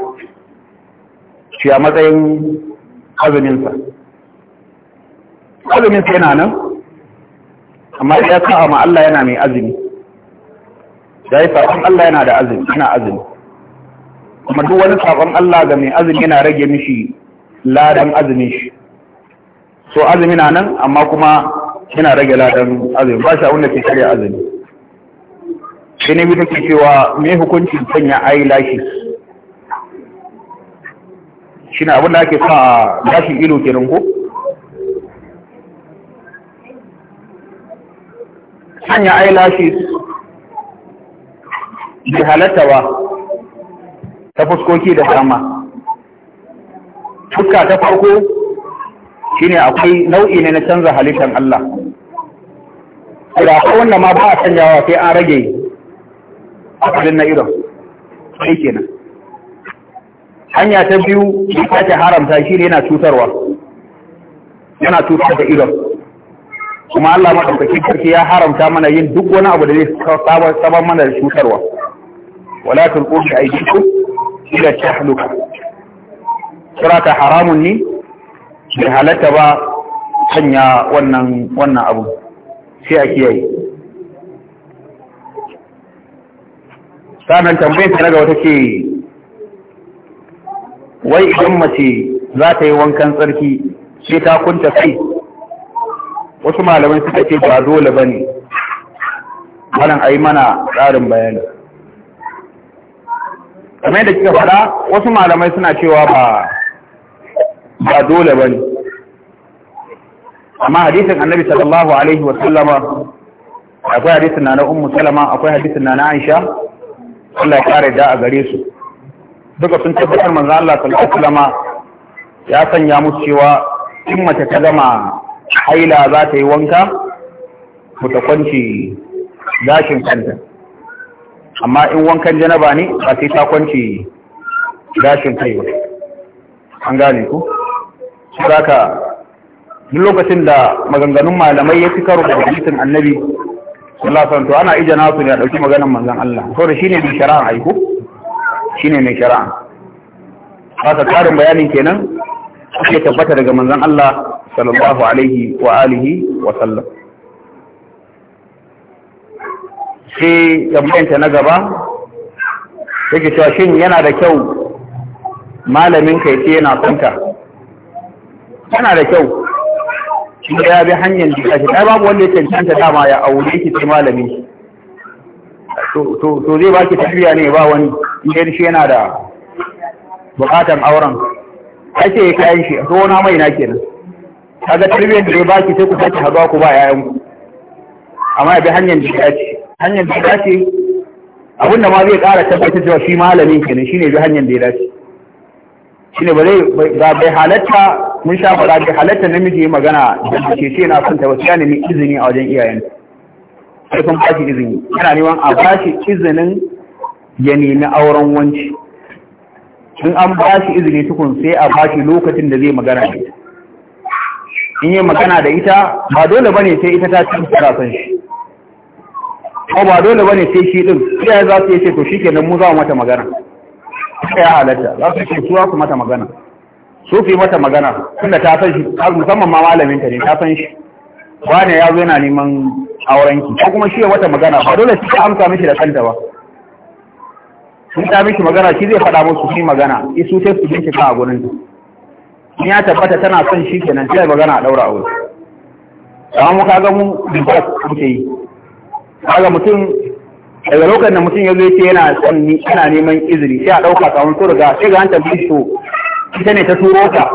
S1: shi a matsayin azuminsa azumin sai na nan amma ya sa'a ma Allah yana mai azumi da ya saƙon Allah yana da azumi yana azumi kuma duk wani saƙon Allah ga mai azumi yana rage mishi ladan azumi shi so azumi na nan amma kuma yana rage ladan azumi ba shi abin da ke shirya azumi shi ne bitin ke cewa me hukuncin sanya lashi shi ne abin da ake sa gashin ido kenan ko sanya eyelashes bai halatta ba ta fuskoki da dama fuska ta farko shine akwai nau'i ne na canza halittar Allah da akwai wanda ma ba a canjawa sai an rage asalin na irin sai kenan hanya ta biyu da ta haramta shi ne yana cutarwa yana cutar da irin kuma Allah madaukakin sarki ya haramta mana yin duk wani abu da zai sabar mana da cutarwa wala tulqu bi aydikum ila tahluka sirata haramun ne bai halatta ba sanya wannan wannan abu sai a kiyaye sanan tambayar ta daga wata ce wai idan mace za ta yi wankan tsarki sai ta kunta kai wasu malamai suka ce ba dole ba ne wannan a yi mana tsarin bayani kamar da kika fara wasu malamai suna cewa ba ba dole ba ne amma hadisin annabi sallallahu alaihi wasallama akwai hadisin na na ummu salama akwai hadisin na na aisha Allah ya kare da a gare su duka sun tabbatar manzo Allah sallallahu alaihi wasallama ya sanya musu cewa in mace ta gama haila za ta yi wanka ku ta kwanci gashin kanta amma in wankan janaba ne ba sai ta kwanci gashin kai ba an gane ku saka duk lokacin da maganganun malamai ya fi karo da hadisin annabi sallallahu alaihi to ana ija nasu ne a dauki maganar manzon Allah to da shine mai shari'a aiko shine mai shari'a ta karin bayanin kenan ake tabbata daga manzon Allah sallallahu alaihi wa alihi wa sallam sai tambayanta na gaba
S3: yake cewa shin yana da
S1: kyau malamin kai ce yana son yana da kyau ya bi hanyar da shi ai babu wanda ya cancanta dama ya aure ki sai malami to zai baki tafiya ne ba wani in shi yana da bukatan auren
S2: ake kayan shi a
S1: tsohon mai na kenan kaga tarbiyyar da ya baki sai ku sake hazuwa ku ba yayan ku amma bi hanyar da ya ce hanyar da ya ce abin da ma zai ƙara tabbatar da shi malamin kenan shine bi hanyar da ya dace shine ba zai ba bai halatta mun sha fara bai halatta namiji ya magana da ke ce na son ta wasu nemi izini a wajen iyayen sai kun ba shi izini yana neman a ba shi izinin ya nemi auren wanci in an ba shi izini tukun sai a ba shi lokacin da zai magana da ita in yi magana da ita ba dole bane sai ita ta cikin karasan shi ko ba dole bane sai shi din sai za su yi ce to nan mu za mu mata magana sai ya halatta za su ce suwa su mata magana su fi mata magana tunda ta san shi musamman ma malamin ta ne ta san shi ne ya zo yana neman aurenki ko kuma shi ya mata magana ba dole shi ta amsa mishi da kanta ba sun ta mishi magana shi zai faɗa musu shi magana isu sai su bincika a gurin ta. Ni ya tabbata tana son shi kenan sai ba a daura aure amma mu kaga mu divorce muke yi kaga mutum daga lokacin da mutum ya zo yace yana son ni ana neman izini sai a dauka kawun su riga sai ga an tabbata to ita ne ta turo ka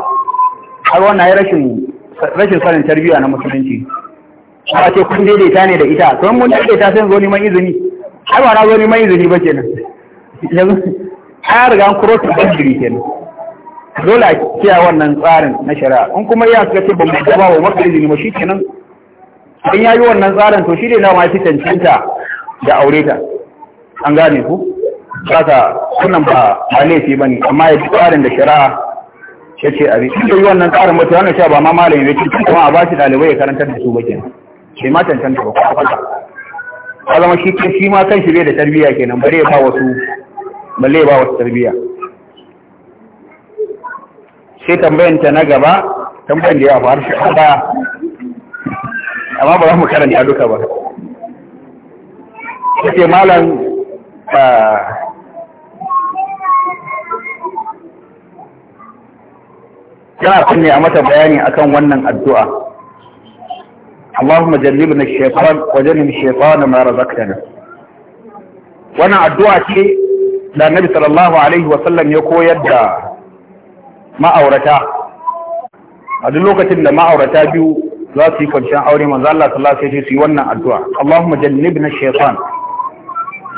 S1: har wannan ya rashin rashin sanin tarbiyya na musulunci ba ce kun daidaita ne da ita to mun daidaita sai zo neman izini har ba na zo neman izini ba kenan yanzu ai ga an kuro ta bandiri kenan dole a kiya wannan tsarin na shari'a in kuma ya suka ce ba mu gaba wa wasu izini ba shikenan ya yi wannan tsarin to shi ne na ma fi cancanta da aure ta an gane ku saka sunan ba ba laifi ba ne. amma ya tsarin da shari'a ya ce a rikin da yi wannan tsarin ba to wannan sha ba ma malami ne kuma a ba shi dalibai ya karantar da su ba kenan bai ma cancanta ba kwata A zama shi shi ma kan shi bai da tarbiyya kenan bare ba wasu ba wasu tarbiyya sai ta na gaba tambayin da ya faru shi ba amma ba za mu karanta duka ba kace malam ba ah, kana kunne a mata bayani akan wannan addu'a Allahumma jallibna ash-shaytan wa jallib ash-shaytana ma razaqtana wannan addu'a ce da Annabi sallallahu alaihi wa sallam ya koyar da ma'aurata a duk lokacin da ma'aurata biyu za su yi kwanciyar aure manzo Allah sallallahu alaihi su yi wannan addu'a Allahumma jannibna shaytan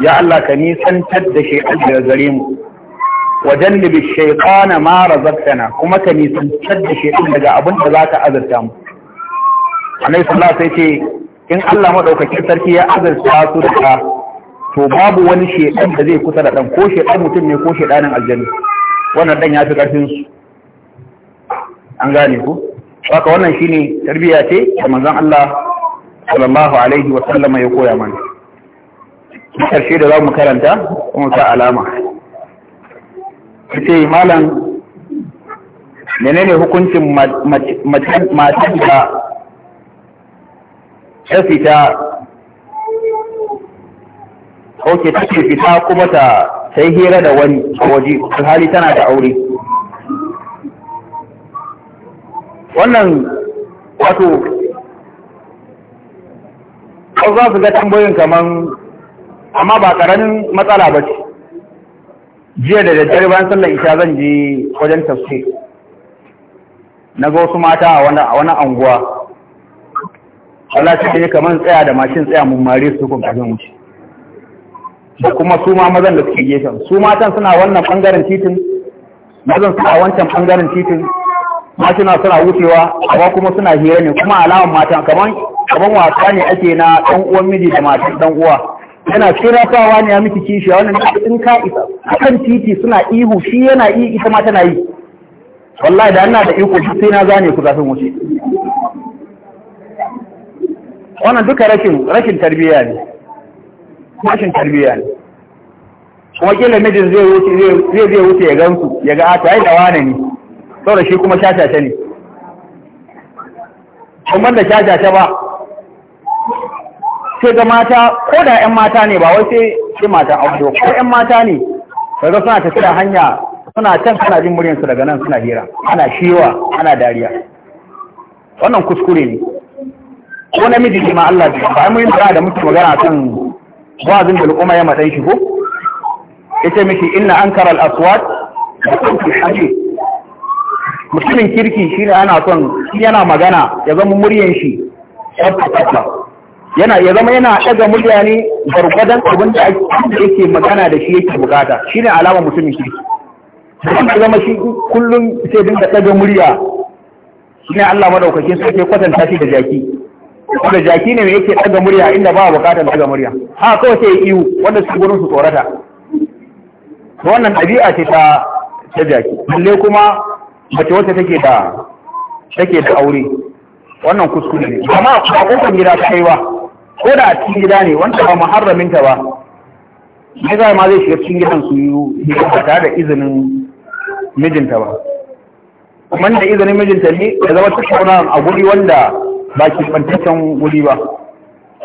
S1: ya Allah ka nisantar da shaytan da zare mu wa jannibi shaytan ma razaqtana kuma ka nisantar da shaytan daga abin da zaka azurta mu Annabi sallallahu alaihi ce in Allah madaukakin sarki ya azurta su da to babu wani shaytan da zai kusa da dan ko shaytan mutum ne ko shaytanin aljanna wannan dan ya fi karfin su an gane ku haka wannan shine tarbiyya ce da manzon Allah sallallahu alaihi wa sallama ya koya mana karshe da za mu karanta kuma ta alama ce malam menene hukuncin matan da ta fita ok take fita kuma ta sai hira da wani a waje hali tana da aure wannan wato ko za su ga tambayoyin kamar, amma ba ƙaramin matsala ba ce jiya da daddare bayan sallar isha zan je wajen tafsir na ga wasu mata a wani anguwa Allah ta ne kamar tsaya da mashin tsaya mun mare su kuma kajin wuce da kuma su ma mazan da suke gefen su matan suna wannan bangaren titin mazan suna wancan bangaren titin mashina suna wucewa amma kuma suna hira ne kuma alawan matan kaman kaman wasa ne ake na dan uwan miji da matan dan uwa yana tsirafawa ne ya miki kishi a wannan in ka isa akan titi suna ihu shi yana yi ita ma tana yi wallahi da ina da iko shi sai na zane ku zafin wuce wannan duka rashin rashin tarbiyya ne rashin tarbiyya ne kuma kila mijin zai wuce zai zai wuce ya gansu ya ga 'Ata, ta da wane ne saboda shi kuma shashashe ne ban da shashashe ba sai ga mata ko da 'yan mata ne ba wai sai sai mata abu ko 'yan mata ne kaga suna tafiya hanya suna can suna jin muryansu daga nan suna hira ana shiwa ana dariya wannan kuskure ne ko namiji ne ma Allah ji ba mu yin da muke magana kan wazin da umma ya matsayi shi ko ita miki inna ankara al aswat fi hadith mutumin kirki shi ne ana son yana magana ya zama muryan shi yana ya zama yana ɗaga murya ne gargadon abin da yake magana da shi yake bukata shi ne alama mutumin kirki ya zama shi kullum sai dinga ɗaga murya shi ne Allah madaukaki sai ke kwatanta shi da jaki wanda jaki ne yake ɗaga murya inda ba bukatar ɗaga murya ha kawai sai iyu wanda su gurin su tsorata wannan ɗabi'a ce ta ta jaki balle kuma mace wacce take da take da aure wannan kuskure ne amma ba kokon gida ta kaiwa ko da a cikin gida ne wanda ba muharramin ta ba mai zai ma zai shiga cikin gidan su yi ba tare da izinin mijinta ba kuma da izinin mijinta ne ya zama tattauna a guri wanda ba ki bantaccen guri ba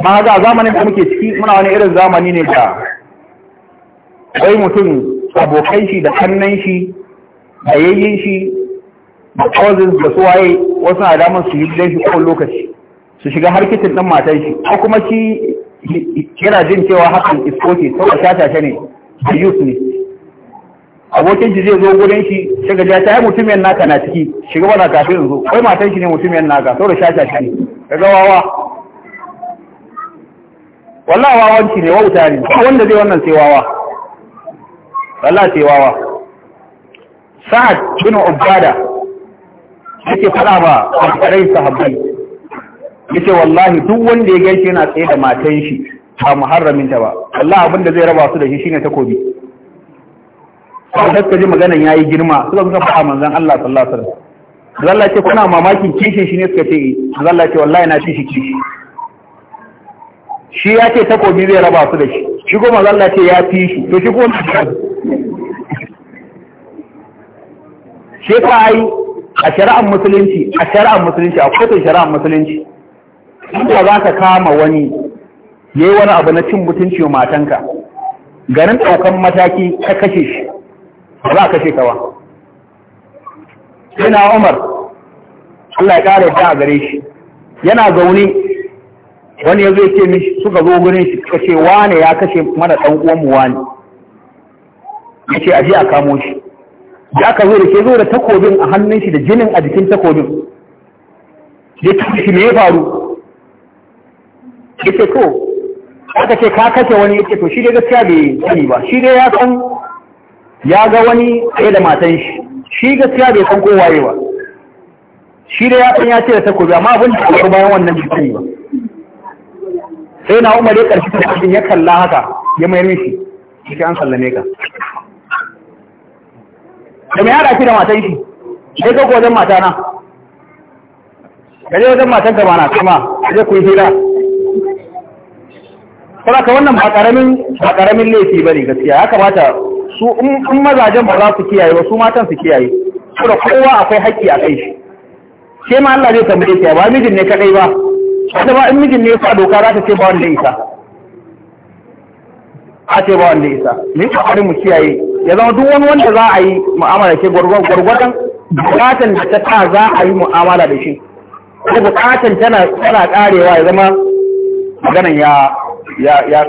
S1: ma ga zamanin da muke ciki muna wani irin zamani ne da wai mutum abokai shi da kannan shi da shi da cousins da suwaye wasu na su yi gidan shi kowane lokaci su shiga har kitin ɗin matan shi ko kuma shi yana jin cewa hakan iskoki ko a shashashe ne a youth ne abokin shi zai zo gudun shi shiga ja ta yi mutumin naka na ciki shiga wana kafin in zo kai matan shi ne mutumin naka saboda shi ne daga wawa wallahi wawanci ne wauta ne wanda zai wannan sai wawa wallahi sai wawa sa'ad bin ubada ake fada ba a karai sahabbai ce wallahi duk wanda ya gaishe yana tsaye da matan shi ba muharramin ta ba Allah abin da zai raba su da shi shine takobi sai ka ji maganan yayi girma suka suka faɗa manzon Allah sallallahu alaihi wasallam zalla ce kuna mamakin kishin shi ne suka ce eh. zalla ce wallahi na shi kishi shi ya ce takobi zai raba su da shi shi kuma zalla ce ya fi shi to shi kuma shi ka ai a shari'ar musulunci a shari'ar musulunci a kotun shari'ar musulunci inda za ka kama wani ya yi wani abu na cin mutunci wa matanka garin ɗaukan mataki ka kashe shi ba za a kashe ka ba Ina umar Allah ya ƙara yadda a gare shi yana zaune wani ya zo ce mishi suka zo gurin shi kashe wane ya kashe mana ɗan uwanmu wani ya ce aje a kamo shi da aka zo da ke zo da takobin a hannun shi da jinin a jikin takobin ya tafi shi me ya faru ya ce to aka ce ka kashe wani ya ce to shi dai gaskiya bai sani ba shi dai ya san ya ga wani ɗaya da matan shi shi gaskiya bai san kowa yi ba shi dai ya san ya ce da takobi amma abin da aka bayan wannan bai sani ba sai na umar ya ƙarshe da ya kalla haka ya mayar mishi shi an sallame ka da mai haɗa shi da matan shi sai ka wajen mata na gaje wajen matan ka mana kuma zai ku yi hira kuma ka wannan ba ƙaramin laifi ba ne gaskiya ya kamata su in mazajen ba za su kiyaye ba su matan su kiyaye kuma kowa akwai haƙƙi a kai shi ke ma Allah zai tambaye ta ba mijin ne kadai ba wanda ba in mijin ne ya sa doka za ta ce ba wanda isa a ce ba wanda isa Ni kokarin mu kiyaye ya zama duk wani wanda za a yi mu'amala ke gwargwadon bukatan da ta ta za a yi mu'amala da shi ko bukatan tana tana karewa ya zama maganan ya ya ya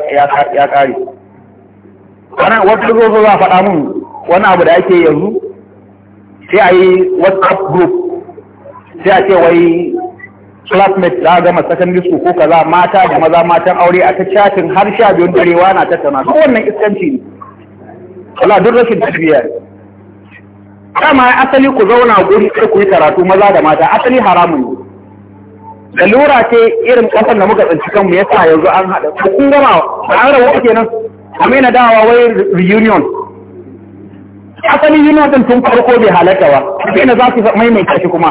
S1: ya kare wannan wata zo za faɗa mun wani abu da ake yanzu sai a yi whatsapp group sai a ce wai classmate za a gama secondary school ko kaza mata da maza matan aure a ta chatin har sha biyun darewa na tana duk wannan iskanci ne kala duk rashin tafiya kama dama asali ku zauna guri sai ku yi karatu maza da mata asali haramun ne lura ce irin kasar da muka tsinci kanmu ya sa yanzu an haɗa kun gama ba an rabu nan. amina dawa wai reunion asali yi din tun farko bai halatta ba sai na za su maimaita shi kuma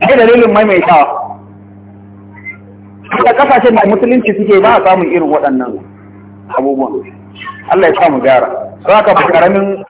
S1: ai dalilin maimaitawa da kasashen da musulunci suke ba a samun irin waɗannan abubuwan Allah ya samu gyara. Saka ba karamin